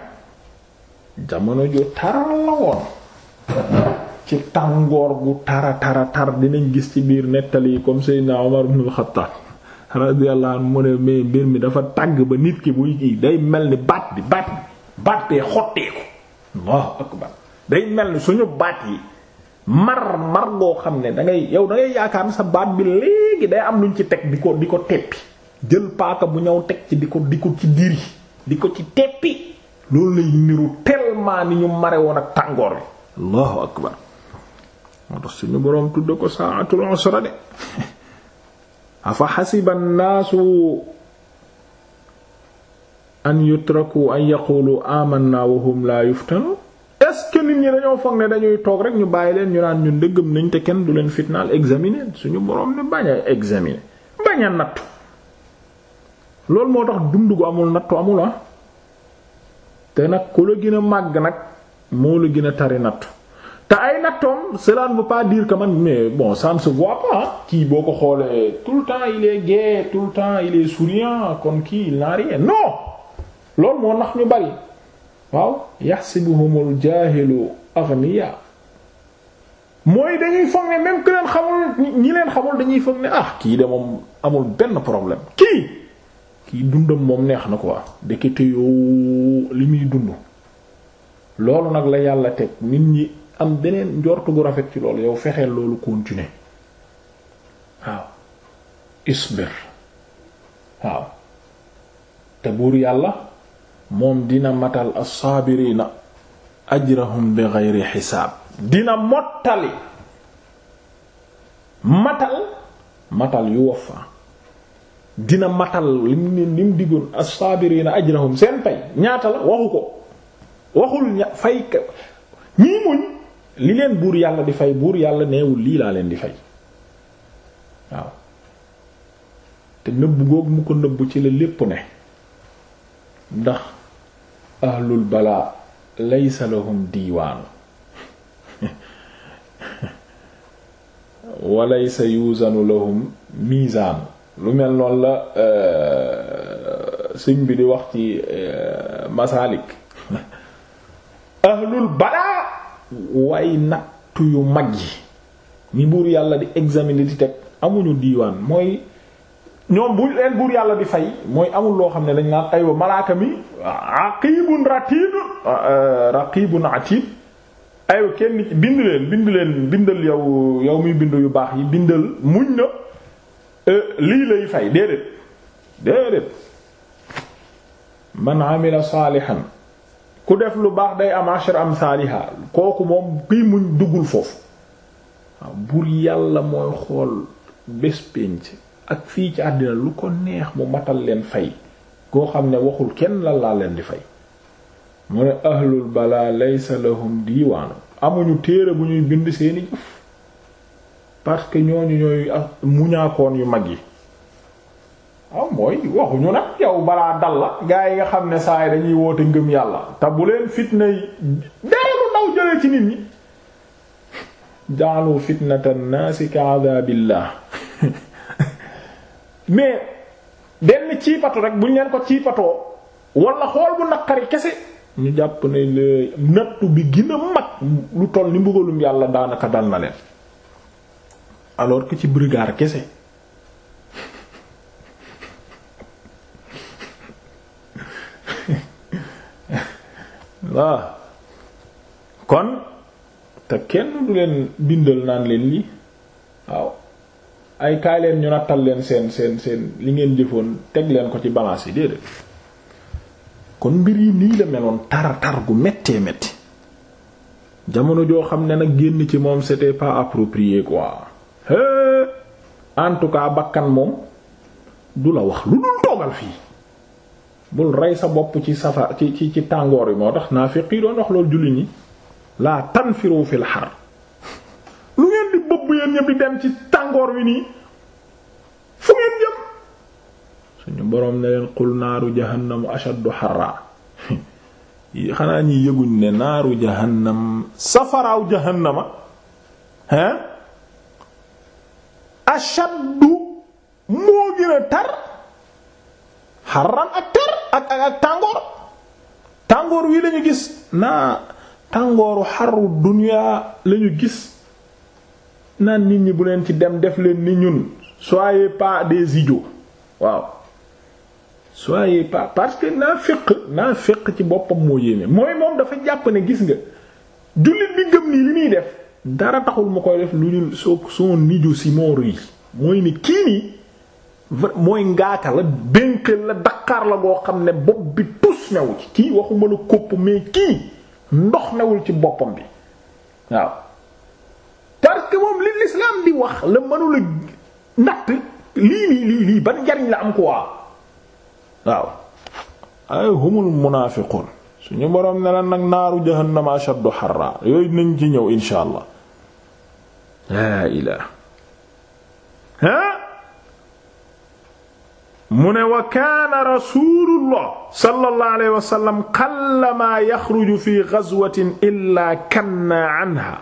jamono ju taral la woon ci tàngoor gu tara tara tar dinañ gis ci biir nettali yi comme Seydina Omar ibn al-Khattab radiyallahu mu ne mais mbir mi dafa tàgg ba nit ki buy kii day mel ni baat bi baat bi baat bee xotteeku Allahu akbar day mel ni suñu baat yi mar mar goo xam ne dangay yow da yaakaar ne sa baat bi léegi day am luñ ci teg di ko di ko teppi jël paaka bu ñëw teg ci di ko di ko ci diri di ko ci teppi loolu lay niru tellement ni ñu mare woon ak tàngoor bi Allahu moo tax suñu boroom tudd ko saatul usra de afa xasiba nnaasu an yutraku an yaqulu amanna wa hum la yuftanu est-ce que nit ñi dañoo foog ne dañuy toog rek ñu bàyyi leen ñu naan ñu dëggam nañ te kenn du leen fitnaal examiner suñu boroom ne bañ a examiner bañ a nattu loolu moo tax dund gu amul nattu amul ah te nag ku la gën a màgg nag moo la gën a tari nattu te ay nattoom cela ne veut pas dire que man mais bon ça ne se pas kii boo ko xoolee tout le temps il est gai le temps il est souriant kon kii il n'a rien non loolu moo nax ñu bari waaw yaxsibuhumul jaahilu aghniya mooy dañuy foog ne même que leen xamul ñi leen xamul dañuy foog ne ah kii de moom amul benn problème kii kii dundam moom neex na ko dëkk te yow li muy dund loolu nag la yàlla teg nit ñi. am beneen njort bu rafet ci loolu yow fexeel loolu continuer waaw isbir waaw te buur yàlla moom dina matal as-saabiriina ajrahum bi ghayri xisaab dina mottali matal matal yu wafa dina matal lim ne lim diggoon as-saabiriina ajrahum seen pay ñaata la waxu ko waxul ña fay ñii muñ li leen buur yàlla di fay buur yàlla neewul lii laa leen di fay waaw te nëbb googu mu ko nëbb ci la lépp ne ndax ahlul balaa laysa lahum diiwaanu walaysa yuuzanu lahum miizaanu lu mel noonu la euh, sëñ bi di wax ci euh, masaalik ahlul balaa way nattu yu mag yi ñu buur yàlla di examiner di teg amuñu diiwaan mooy ñoom bu leen buur yàlla di fay mooy amul loo xam ne dañ naan aywa malaaka mi raqibun ratid euh, raqibun atid kenn bind leen bind leen bindal yow yow muy bind yu baax yi bindal muñ na euh, lii lay fay déedéet déedéet man amila saalihan ku def lu baax day am ashar am saaliha kooku moom kuy muñ duggul foofu waaw buur yàlla mooy xool bés pénc ak fii ci àddina lu ko neex mu matal leen fay koo xam ne waxul kenn lan laa leen di fay mu ne ahlul balaa laysa lahum diiwaanu amuñu téere bu ñuy bind seeni jëf parce que ñooñu ñooy muñaakoon yu mag yi waaw mooy waxuñu nag yow balaa dal la gaa yi nga xam ne saa yi dañuy woote ngëm yàlla te bu leen fitna yi dara lu ndaw jëlee ci nit ñi jaalu fitnata naasi ka adabillah mais benn ciipatu rek buñ leen ko ciipatoo wala xool bu naqari kese ñu jàpp ne le nattu bi gën mag lu toll ni mbugalum yàlla daanaka dal na leen alors que ci brigade kese waaw kon te kenn du leen bindal naan leen lii waaw ay kaay leen ñu nattal leen seen seen seen li ngeen jëfoon teg leen ko ci balance yi déedéet kon mbir yi nii la meloon tar tar gu méttee métti jamono joo xam ne nag génn ci moom c'était pas approprié quoi en tout cas bakkan moom du la wax lu dul toogal fii bul rey sa bopp ci safa ci ci tàngoor bi moo tax naafiq yi doon wax loolu jullit ñi laa tanfiru fil har lu ngeen di bëbb yéen ñëpp di dem ci tàngoor bi nii fu ngeen jëm suñu boroom ne leen qul naaru jahannamu ashaddu harra xanaa ñi yëguñ ne naaru jahannam safaraaw jahannama hein ashaddu moo gën a tar xarran ak tar ak ak tàngoor tàngoor wii lañu gis naa tàngooru xaru dunya lañu gis naa nit ñi bu leen ci dem def leen ni ñun soyez pas des idiots waaw soyez pas parce que naa féq naa féq ci boppam moo yéeme mooy moom dafa jàpp ne gis nga jullit bi gëm nii li muy def dara taxul mu koy def lu dul soo son nijo si moo rëy mooy ni kii nii mooy ngaaka la dénkal la daqaar la boo xam ne bopp bi tus newu ci kii waxuma la kopp mais kii ndox newul ci boppam bi waaw parce que moom li l'islam di wax la mënula natt lii lii lii lii njariñ la am ko waaw ay humul munaafiqun suñu boroom ne nag naaru jahannama ashaddu harra yooyu nañ ci ñëw insha allah laa ilaah mu ne wa kaana rasulullah sallallahu alayhi wa sallam qallama yaxruju fi ghazwatin illaa kanna anha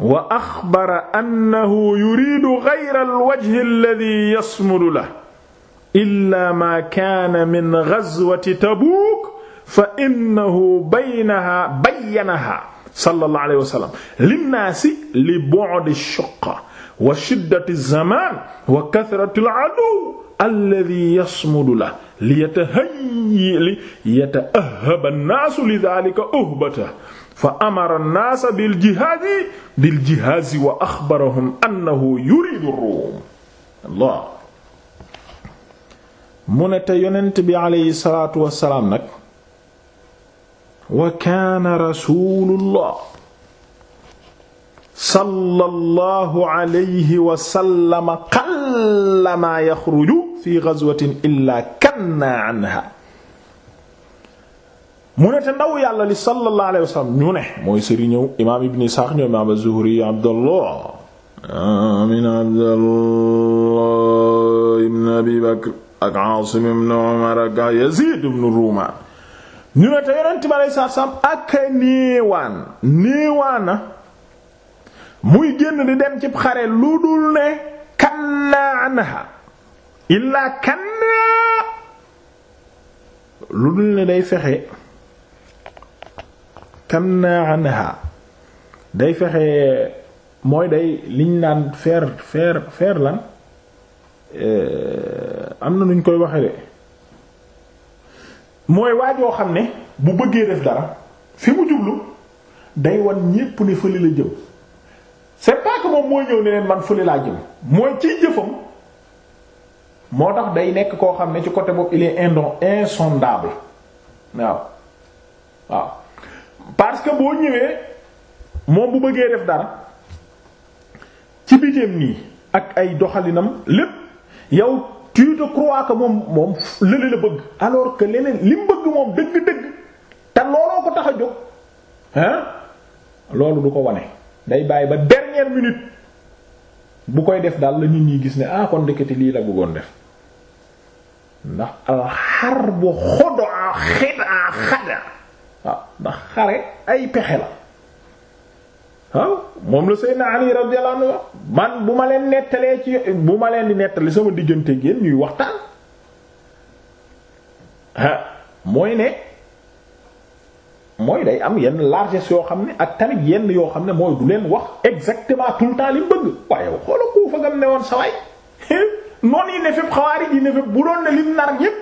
wa axbara annahu yuriidu ghayra alwajhi alladhi yasmudu lahu illaa maa kaana min ghazwati tabuuk fa innahu baynahaa bayyanahaa sallallahu alayhi wa sallam linnaasi li bu'di shaqqa wa shiddati zamaan wa kathrati al-aduw alladhi yasmudu lahu liyatahayyi li yataahhaba an-naasu li dhaalika uhbatahu fa amara an-naasa bil jihaadi bil jihaazi wa axbarahum annahu yuriidu ar-ruum Allah mu ne te yonent bi aleyhi salaatu wa salaam nag wa kaana rasuulullah sallallahu alayhi wa sallam qallamaa yaxruju fi ghazwatin illaa kannaa anha mu ne te ndaw yàlla li sallallahu alayhi wa sallam ñu ne mooy sëriñëw imaam ibn Isxaaq ñoo imaam az-Zuhri Abdallah amin Abdallah ibn Abi Bakr ak Aasim ibn Umar ak Yaziid ibn Ruumaan ñu ne te yonent bi alayhi salaam ak néewaan néewaana muy génn di dem ci xare lu dul ne kannaa anha kannaa lu dul ne day fexe kannaa anha day fexe mooy day liñ naan feer feer feer lan euh, am na nuñ koy waxe de mooy waajoo xam ne bu bëggee def dara fi mu jublu day wan ñépp ne fële la jëm moom mooy ñëw ne leen man fële laa jëm mooy ciy jëfam moo tax day nekk koo xam ne ci côté boobu il est indon insondable waaw waaw parce que boo ñëwee moom bu bëggee def dara ci bitim nii ak ay doxalinam lépp yow tu te crois que moom moom lële la bëgg alors que leneen li mu bëgg moom dëgg-dëgg te looloo ko tax a jóg hein loolu du ko wane. day bàyyi ba dernière minute bu koy def daal la nit ñi gis ne ah kon ndekete lii la bëggoon def ndax alxar bu xodo a xeda ndax xare ay pexe la moom la Seydina Ali radiyallahu anhu man bu ma leen nettalee ci bu ma leen di nettali sama diggante génn ñuy waxtaan mooy ne mooy day am yenn largesse yoo xam ne ak tamit yenn yoo xam ne mooy du leen wax exactement tout le temps li bëgg waaye xoola kuufa gam ne woon sa waay noonu yi ne xawaari yi ne fépp bu doon ne lim nar yépp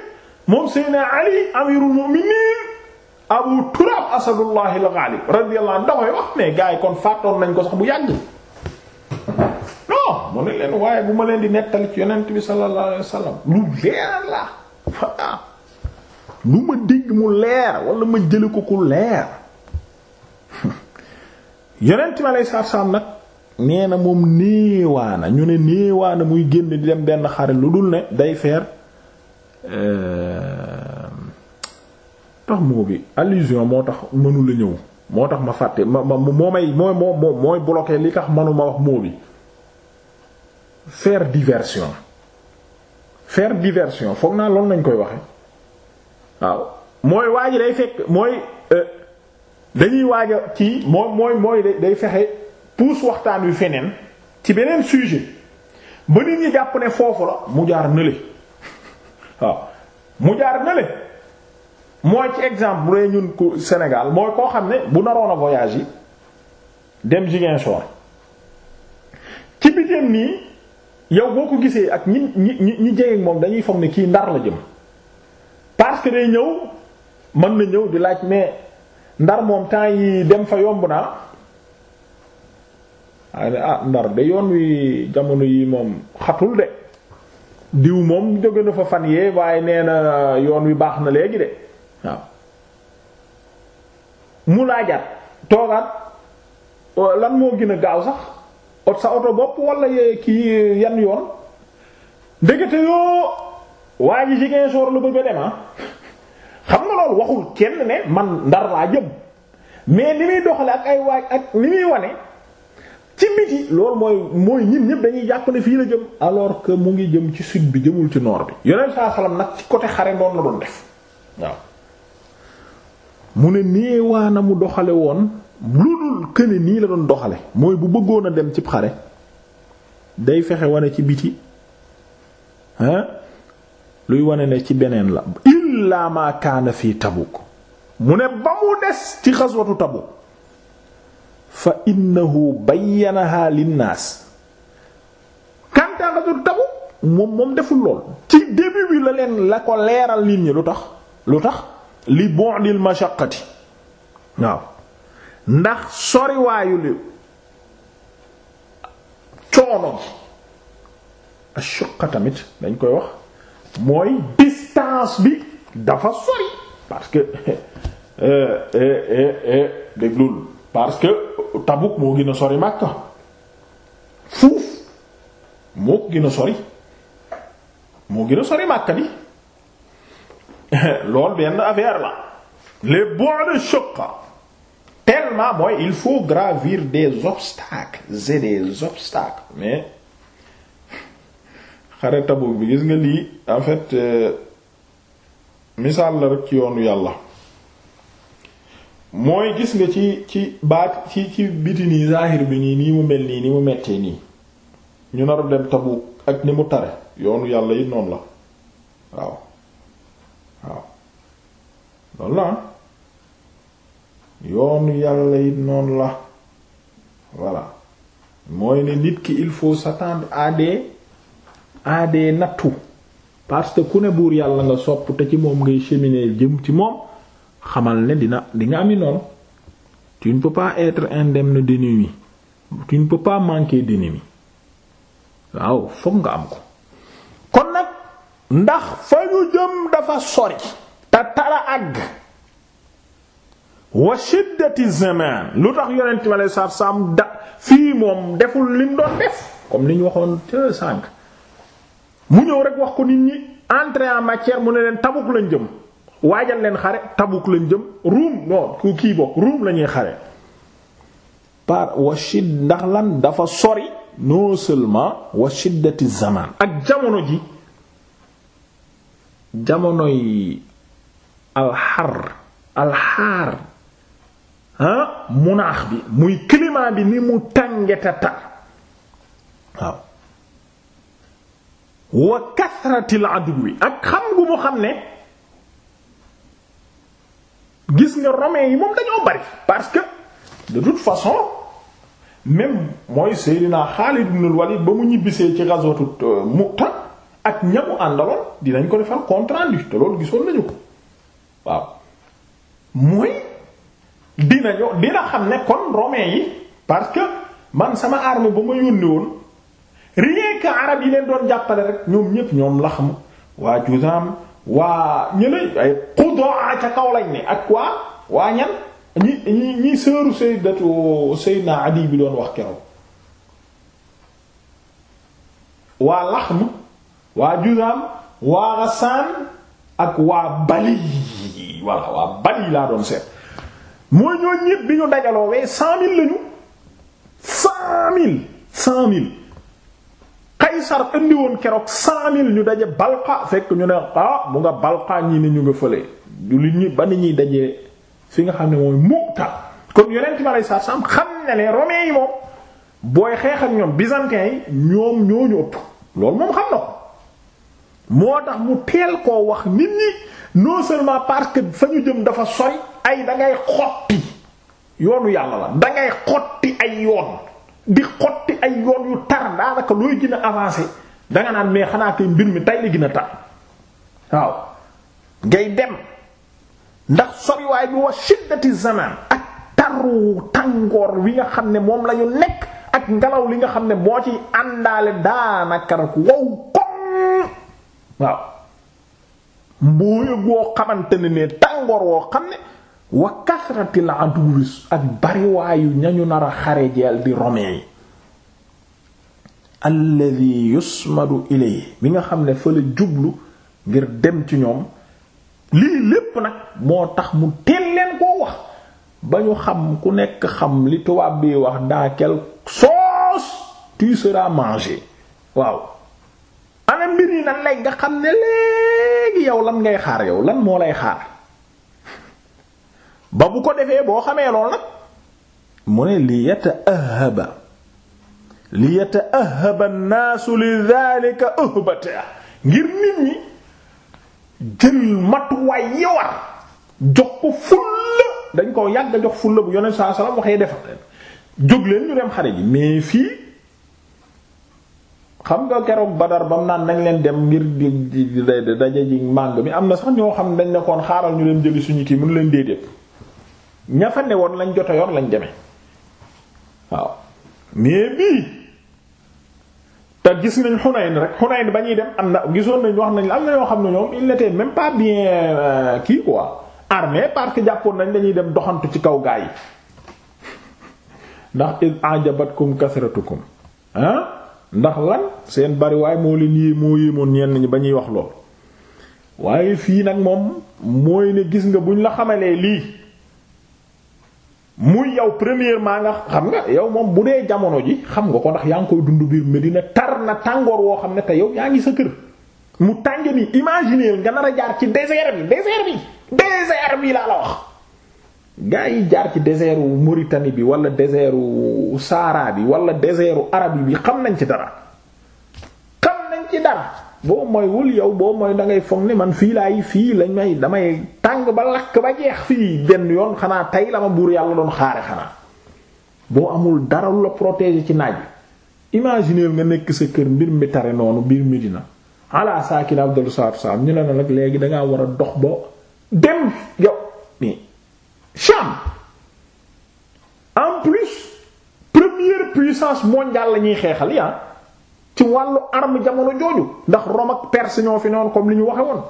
moom Seydina Ali amirul mu'minin Abu Turab asadullah al-ghalib radiyallahu anhu da wax mais gars kon fàttoon nañ ko sax bu yàgg non mu ne leen waaye bu ma leen di nettali ci yonent bi sallallahu alayhi lu leer la lu ma dégg mu leer walla ma jële ko ku leer yonent ma lay saar-saam nag nee na moom néewaana ñu ne néewaana muy génn di dem benn xare lu dul ne day feer euh, tax moo bi allusion moo tax mënu la ñëw moo tax ma fàtte ma ma moo may moo moo mooy bloqué li tax manuma wax moo bi faire diversion faire diversion foog naa loolu nañ koy waxe waaw mooy waa ji day fekk mooy euh, dañuy waaj a kii moom mooy mooy day fexe puus waxtaan wi feneen ci beneen sujet ba nit ñi jàpp ne foofu la mu jaar nële waaw mu jaar nële mooy ci exemple rek ñun ku Sénégal mooy koo xam ne bu naroon a voyage yi dem Ziguinchor ci bitim nii yow boo ko gisee ak ñi ñi ñi jege moom dañuy foog ne kii Ndar la jëm. parce que ñëw mën na ñëw di laaj mais ndar moom temps yi dem fa yomb naa ah, ah ndar de yoon wi jamono yi moom xatul de diw moom jóge na fa fan yee waaye nee na yoon wi baax na léegi de waaw mu laajaat toogaat oh, lan moo gën a gaaw sax oto bopp wala kii yan yoon ndekete yoo waa ji Ziguinchor la bëgg a dem ah. xam na loolu waxul kenn ne man ndar laa jëm mais ni muy doxale ak ay waaj ak ni muy wane ci miti loolu mooy mooy ñin ñëpp dañuy jàpp ne fii la jëm alors que mu ngi jëm ci sud bi jëmul ci noor bi yonent saa salaam nag ci côté xare ndoon la doon def waaw mu ne néewaa na mu doxale woon lu dul këne nii la doon doxale mooy bu bëggoon a dem cib xare day fexe wane ci biti hein luy wane ne ci beneen la illaa ma kaana fii tabuk mu ne ba mu des ci xaswatu tabuk fa innahu bayyanaha linnaas kantaa moom moom deful lool ci début bi la leen la ko leeral nit ñi lu tax lu tax li bu'dil mashaqqati waaw ndax soriwaayu li coono gi ashoqa dañ koy wax mooy distance bi dafa sori parce que euh, euh, euh, déglul parce que Tabuk moo gën a sori Makka fuuf moo ko gën a sori moo gën a sori bi loolu benn affaire la les bois de choc tellement mooy il faut gravir des obstacles c'est des obstacles mais xare Tabuk bi gis nga lii en fait euh, misaal la rek ci yoonu yàlla mooy gis nga ci ci baat ci ci biti nii zahir bi nii nii mu mel nii ni mu mettee nii ñu nar a dem Tabuk ak ni mu tare yoonu yàlla yi noonu la waaw waaw loolu la ah. yoonu yàlla yi noonu la voilà mooy ne nit ki il faut s'attendre à des aadee nattu parce que ku ne buur yàlla nga sopp te ci moom ngay cheminer jëm ci moom xamal ne dina dinga ami noonu tu ne peux pas être indemne d'ennemi tu ne peux pas manquer waaw fokk nga am ko kon nag ndax fa ñu jëm dafa sori te tara àgg wa shiddati zaman lu tax yonent ma lay saaf saam da fii moom deful lim doon def comme li waxoon te sànq mu ñëw rek wax ko nit ñi entrée en matière mu ne leen Tabuk lañ jëm waajal leen xare Tabuk lañ jëm Ruum non ku kii bokk Ruum la xare par wa ndax lan dafa sori non seulement wa zaman ak jamono ji jamono yi alxar alxaar ah munaax bi muy climat bi ni mu tàngeta waaw wa kasratil aduwi ak xam gu mu xam ne gis nga romain yi moom dañoo bari parce que de toute façon même mooy Seydina Xaalid ibn Walid ba mu ñibbisee ci ghazwatu euh, Mu'ta ak ñamu àndaloon dinañ ko defal compte rendu te loolu gisoon nañu ko waaw mooy dinañoo dina xam ne kon romain yi parce que man sama armée ba ma yónni woon rien que arab yi leen doon jàppale rek ñoom ñépp ñoom laxam waa Juzaam waa ñële ay Qudaa ca kaw lañ ni ak waa waa ñan ñi ñi ñi seeru sayyidatu sayyidina Adi bi doon wax keroog waa laxm waa Juzaam waa Ghassan ak waa Bali voilà waa Bali laa doon seet mooy ñoo ñépp bi ñu dajaloo wee cent mille lañu cent mille cent mille Kaysar indi woon keroog cent mille ñu daje Balqa fekk ñu ne ah mu nga Balqa ñii ni ñu nga fële ñi ba ni ñuy dajee fi nga xam ne mooy Mu'ta kon yonent bi aleyhi salaam xam ne ne romains yi moom booy xeex ak ñoom byzantins yi ñoom ñoo ñu ëpp loolu moom xam na ko moo tax mu teel koo wax nit ñi non seulement parce que fa ñu jëm dafa sori ay da ngay xotti yoonu yàlla la da ngay xotti ay yoon. di xotti ay yoon yu tar daanaka looy gina avancé danga naan mais xanaa kay mbir mi tay la gën a tar waaw ngay dem ndax soriwaay bi wa shiddati zaman ak taru tàngoor wi nga xam ne moom lañu ñu nekk ak ngelaw li nga xam ne boo ci àndaale daanaka rek wow koŋ waaw mbooyëg woo xamante ne ne tàngoor woo xam ne wa kasrati la aduwis ak bariwaayu ñañu nar a xare jeel di romain yi alladi yusmadu ilayhi bi nga xam ne fa jublu ngir dem ci ñoom lii lépp nag moo tax mu teel leen koo wax ba ñu xam ku nekk xam li tubaab bi wax dans quelle sauce tu seras waaw ana mbir yi nan lay nga xam ne léegi yow lan ngay xaar yow lan moo lay xaar ba bu ko defee boo xamee lool nag mu ne li yataahaba li yataahaba an-naasu li dhalika uhbata ngir nit ñi jël matuwaay yawar jox ko fulla dañ ko yàgg jox fulla bu yonent saa salaam waxee defal leen jóg leen ñu dem xare ji mais fii xam nga keroog Badar bam naan nañ leen dem ngir di daje ji màng mi am na sax ñoo xam ne dañ nekkoon xaaral ñu leen jëli suñu kii mënu leen déedéet ña fa newoon lañ jote yoon lañ demee waaw mais bii te gis nañ Hunayn rek Hunayn ba ñuy dem am na gisoon nañ wax nañ la am na ñoo xam ne ñoom il n'était même pas bien euh, kii quoi armé parce que jàppoon nañ dañuy dem doxantu ci kaw gaa yi ndax id ajabatkum kasratukum ah ndax lan seen bariwaay moo leen yée moo yéemoon ñenn ñi ba ñuy wax lool waaye fii nag moom mooy ne gis nga buñ la xamalee lii muy yow premièrement nga xam nga yow moom bu dee jamono ji xam nga ko ndax yaa ngi koy dund biir Medina tar na tàngoor woo xam ne te yow yaa ngi sa kër mu tànge ni imaginer nga nar a jaar ci désert bi désert bi désert bi laa la wax gaa yi jaar ci désert wu Mauritanie bi walla désert wu Sahara bi wala désert wu bi xam nañ ci dara xam nañ ci dara boo moywul yow boo mooy da ngay foog ne man fii laay fii lañ may damay tàng ba lakk ba jeex fii benn yoon xanaa tey la ma buur yàlla doon xaare xanaa boo amul dara la protéger ci naaj bi imaginer nga nekk sa kër mbir mi tare noonu mbir na dina ala saakina abdul salaatu salaam ñu la ne nag léegi dangaa war a dox ba dem yow nii Sham en plus première puissance mondiale la ñuy xeexal yaa ah. ci wàllu arme jamono jooju ndax Rome ak Perse ñoo fi noonu comme li ñu waxe woon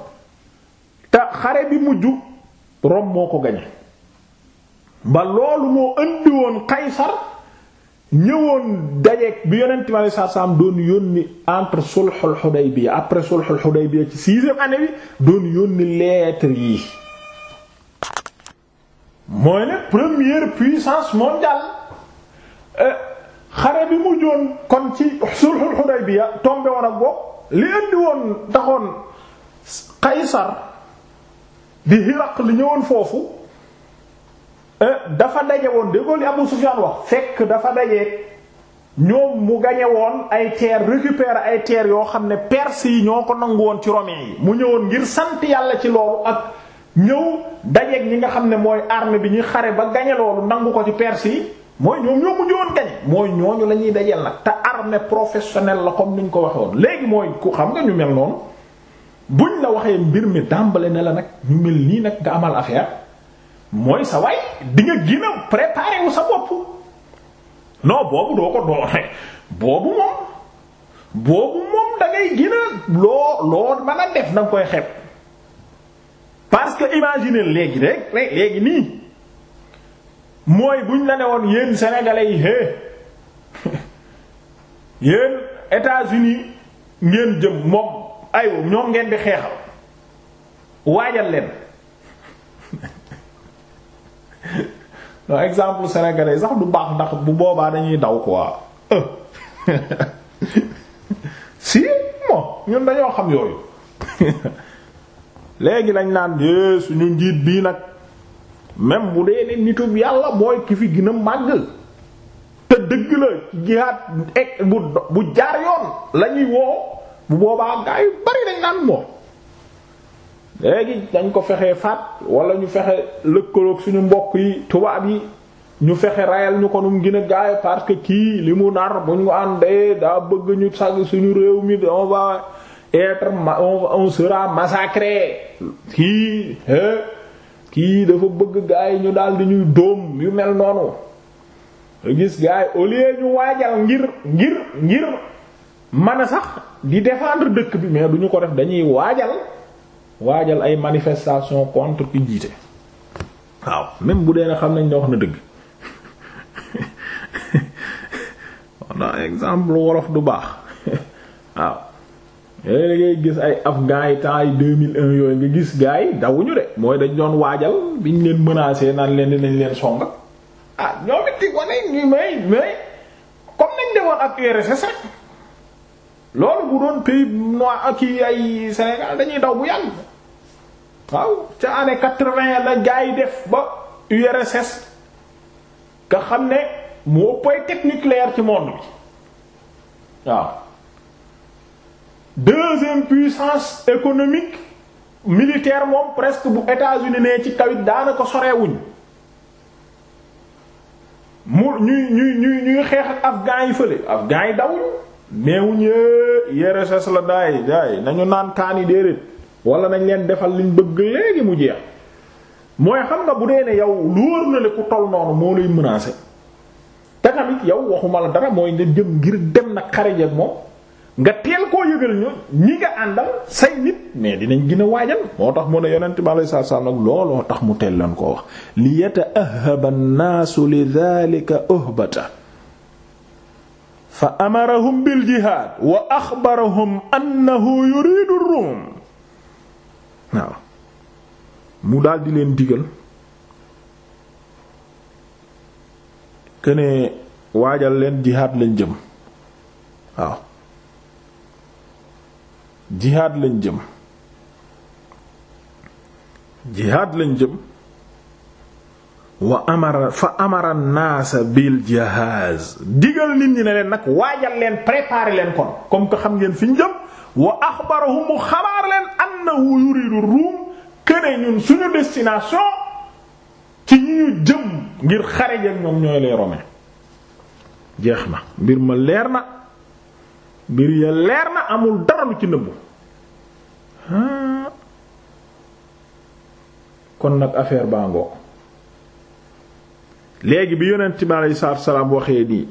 te xare bi mujj Rome moo ko gañe ba loolu moo indi woon Kaysar ñëwoon dajeek bi yonent bi alayhi salaam doon yónni entre sulhul Hudaybiya après sulhul Hudaybiya ci sixième année bi doon yónni lettre yi mooy ne première puissance mondiale euh, xare bi mu mujjoon kon ci sulhul Hudaybiya tombé woon ak bopp li indi woon taxoon Qaysar di Hiraq li ñëwoon foofu eh, dafa daje woon déggoo li Abu Sufyan wax fekk dafa daje ñoom mu gañe woon ay terres récupérer ay teer yoo xam ne Perses yi ñoo ko nangu woon ci romains yi mu ñëwoon ngir sant yàlla ci loolu ak ñëw dajeeg ñi nga xam ne mooy armée bi ñuy xare ba gañe loolu nangu ko ci Perses yi mooy ñoom ñoo mujj woon gañe mooy ñooñu la ñuy dajeel nag te armée professionnelle la comme ni ñu ko waxoon léegi mooy ku xam nga ñu mel noonu buñ la waxee mbir mi dàmbale ne la nag ñu mel nii nag nga amal affaire mooy sa way di nga gën a préparer sa bopp non boobu doo ko doone boobu moom boobu moom da ngay loo loo mën a def na koy xeeb parce que imagine léegi rek léegi nii. mooy buñ la ne woon yéen sénégalais yi hé yéen États-Unis ngeen jëm moom ayu ñoom ngeen di xeexal waajal leen non exemple sénégalais yi sax du baax ndax bu boobaa dañuy daw quoi si mo ñun dañoo xam yooyu léegi lañ naan suñu njiit bii nag même bu dee ne nitub yàlla mooy ki fi gën a màgg te dëgg la jihaad ek bu bu jaar yoon la woo bu boobaa gaa yu bari dañ naan moom léegi dañ ko fexee faat walla ñu fexe lëkkaloog suñu mbokk yi tubaab yi ñu fexe rayal ñu ko num gën a gaay parce que kii li mu nar bu ñu àndee daa bëgg ñu sag suñu réew mi on va être on sera massacré kii kii dafa bëgg gaa yi ñu daal di ñuy dóom yu mel noonu gis gaa yi au lieu ñu waajal ngir ngir ngir mën sax di défendre dëkk bi mais ñu ko def dañuy waajal waajal ay manifestation contre ki jiite waaw même bu dee na xam nañ ne wax na dëgg wala exemple wolof du baax waaw yooyu gis ay afghans yi temps nga gis gaay yi dawuñu de mooy dañ doon waajal biñ leen menacé naan leen dinañ leen song ah ñoom it di wane may may comme nañ demoon ak URSS loolu bu doon pays noir ak yi ay Sénégal dañuy daw bu yàgg waaw ca année 80 la gars yi def ba URSS nga xam ne mu ëpp ay technique nucléaire ci monde bi waaw. deuxième puissance économique militaire moom presque bu États-Unis nee ci kawit daanaka sorewuñ mu ñuy ñuy ñuy ñuy xeex ak afghans yi fële afghans yi dawuñ neewuñ yee RSS la daay daay nañu naan kaani déedéet wala nañ leen defal liñ bëgg léegi mu jeex mooy xam nga bu dee ne yow lóor na le ku toll noonu moo lay menacer te tamit yow waxuma la dara mooy nga jëm ngir dem nag xarejeeg moom nga teel koo yëgal ñu ñi nga àndal say nit mais dinañ gën a waajal moo tax mu ne yonent bi alayhi salaam nag looloo tax mu teel leen koo wax li yata'ahhaba an-naasu li dhalika uhbata fa amarahum bil jihaad wa axbarahum annahu yuridu ar waaw mu daldi leen digal kene waajal leen jihaad lañ jëm waaw jihaad lañ jëm jihaad lañ jëm wa amara fa amara naasa bil jihaz digal nit ñi ne leen nag waajal leen préparer leen kon comme que xam ngeen fi ñu jëm wa axbarahum mu xabaar leen annahu yuridu ruum këne ñun suñu destination ci ñu ñu jëm ngir xare ak ñoom ñooy les romains jeex na mbir ma leer na mbir ya leer na amul dara ci nëbbu kon nag affaire baa léegi bi yonent bi aleyhi salaatu salaam waxee nii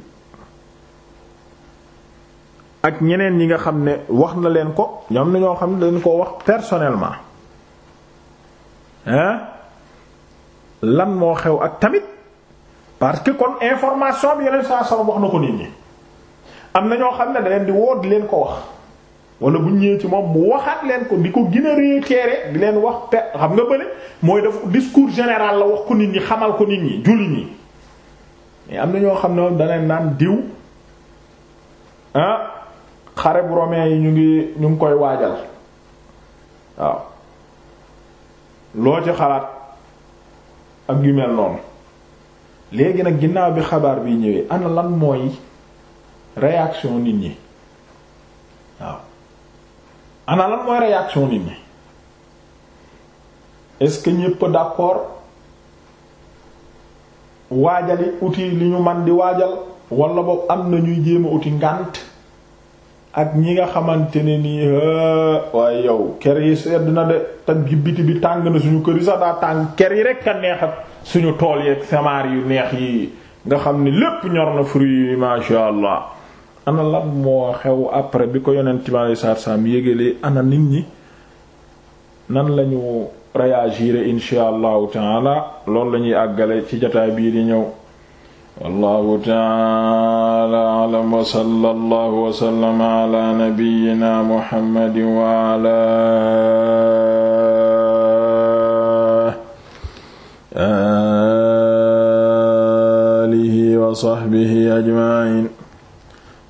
ak ñeneen yi nga xam ne wax na leen ko ñoom na ñoo xam ne dañ ko wax personnellement hein lan moo xew ak tamit parce que kon information bi yonent saa salaam wax na ko nit ñi am na ñoo xam ne daleen di woo di leen ko wax wala bu ñëwee ci moom mu waxaat leen ko di ko gën a réitérer di leen wax pe xam nga bële mooy daf discours général la wax ko nit ñi xamal ko nit ñi julli ñi mais am na ñoo xam ne moom da naan diw ah, xare bu romain yi ñu ngi ñu ngi koy waajal waaw loo ci xalaat ak yu mel noonu léegi nag ginnaaw bi xabaar bi ñëwee ana lan mooy. réaction nit ñi waaw ana lan mooy réaction nit ñi est-ce que d'accord waajali outil li ñu man di waajal walla boobu am na ñuy jéem a outil ngànt ak ñi nga xamante ne nii waaye yow ker yi sedd na de te biti bi tàng na suñu kër yi sax daa tàng kër yi rekk a neex suñu tool yeeg samaar yu neex yi nga xam ne lépp ñor na fruit yi masha Allah ana lan moo xew après bi ko yonent bi alei saatu salaam yégalee ana nit ñi nan lañu réagir insha allahu taala loolu la ñuy àggale ci jataay bii di ñëw wallahu taala alam wa sallallahu wa sallama ala nabiyyina muhammadin wa ala alihi wa sahbihi ajma'in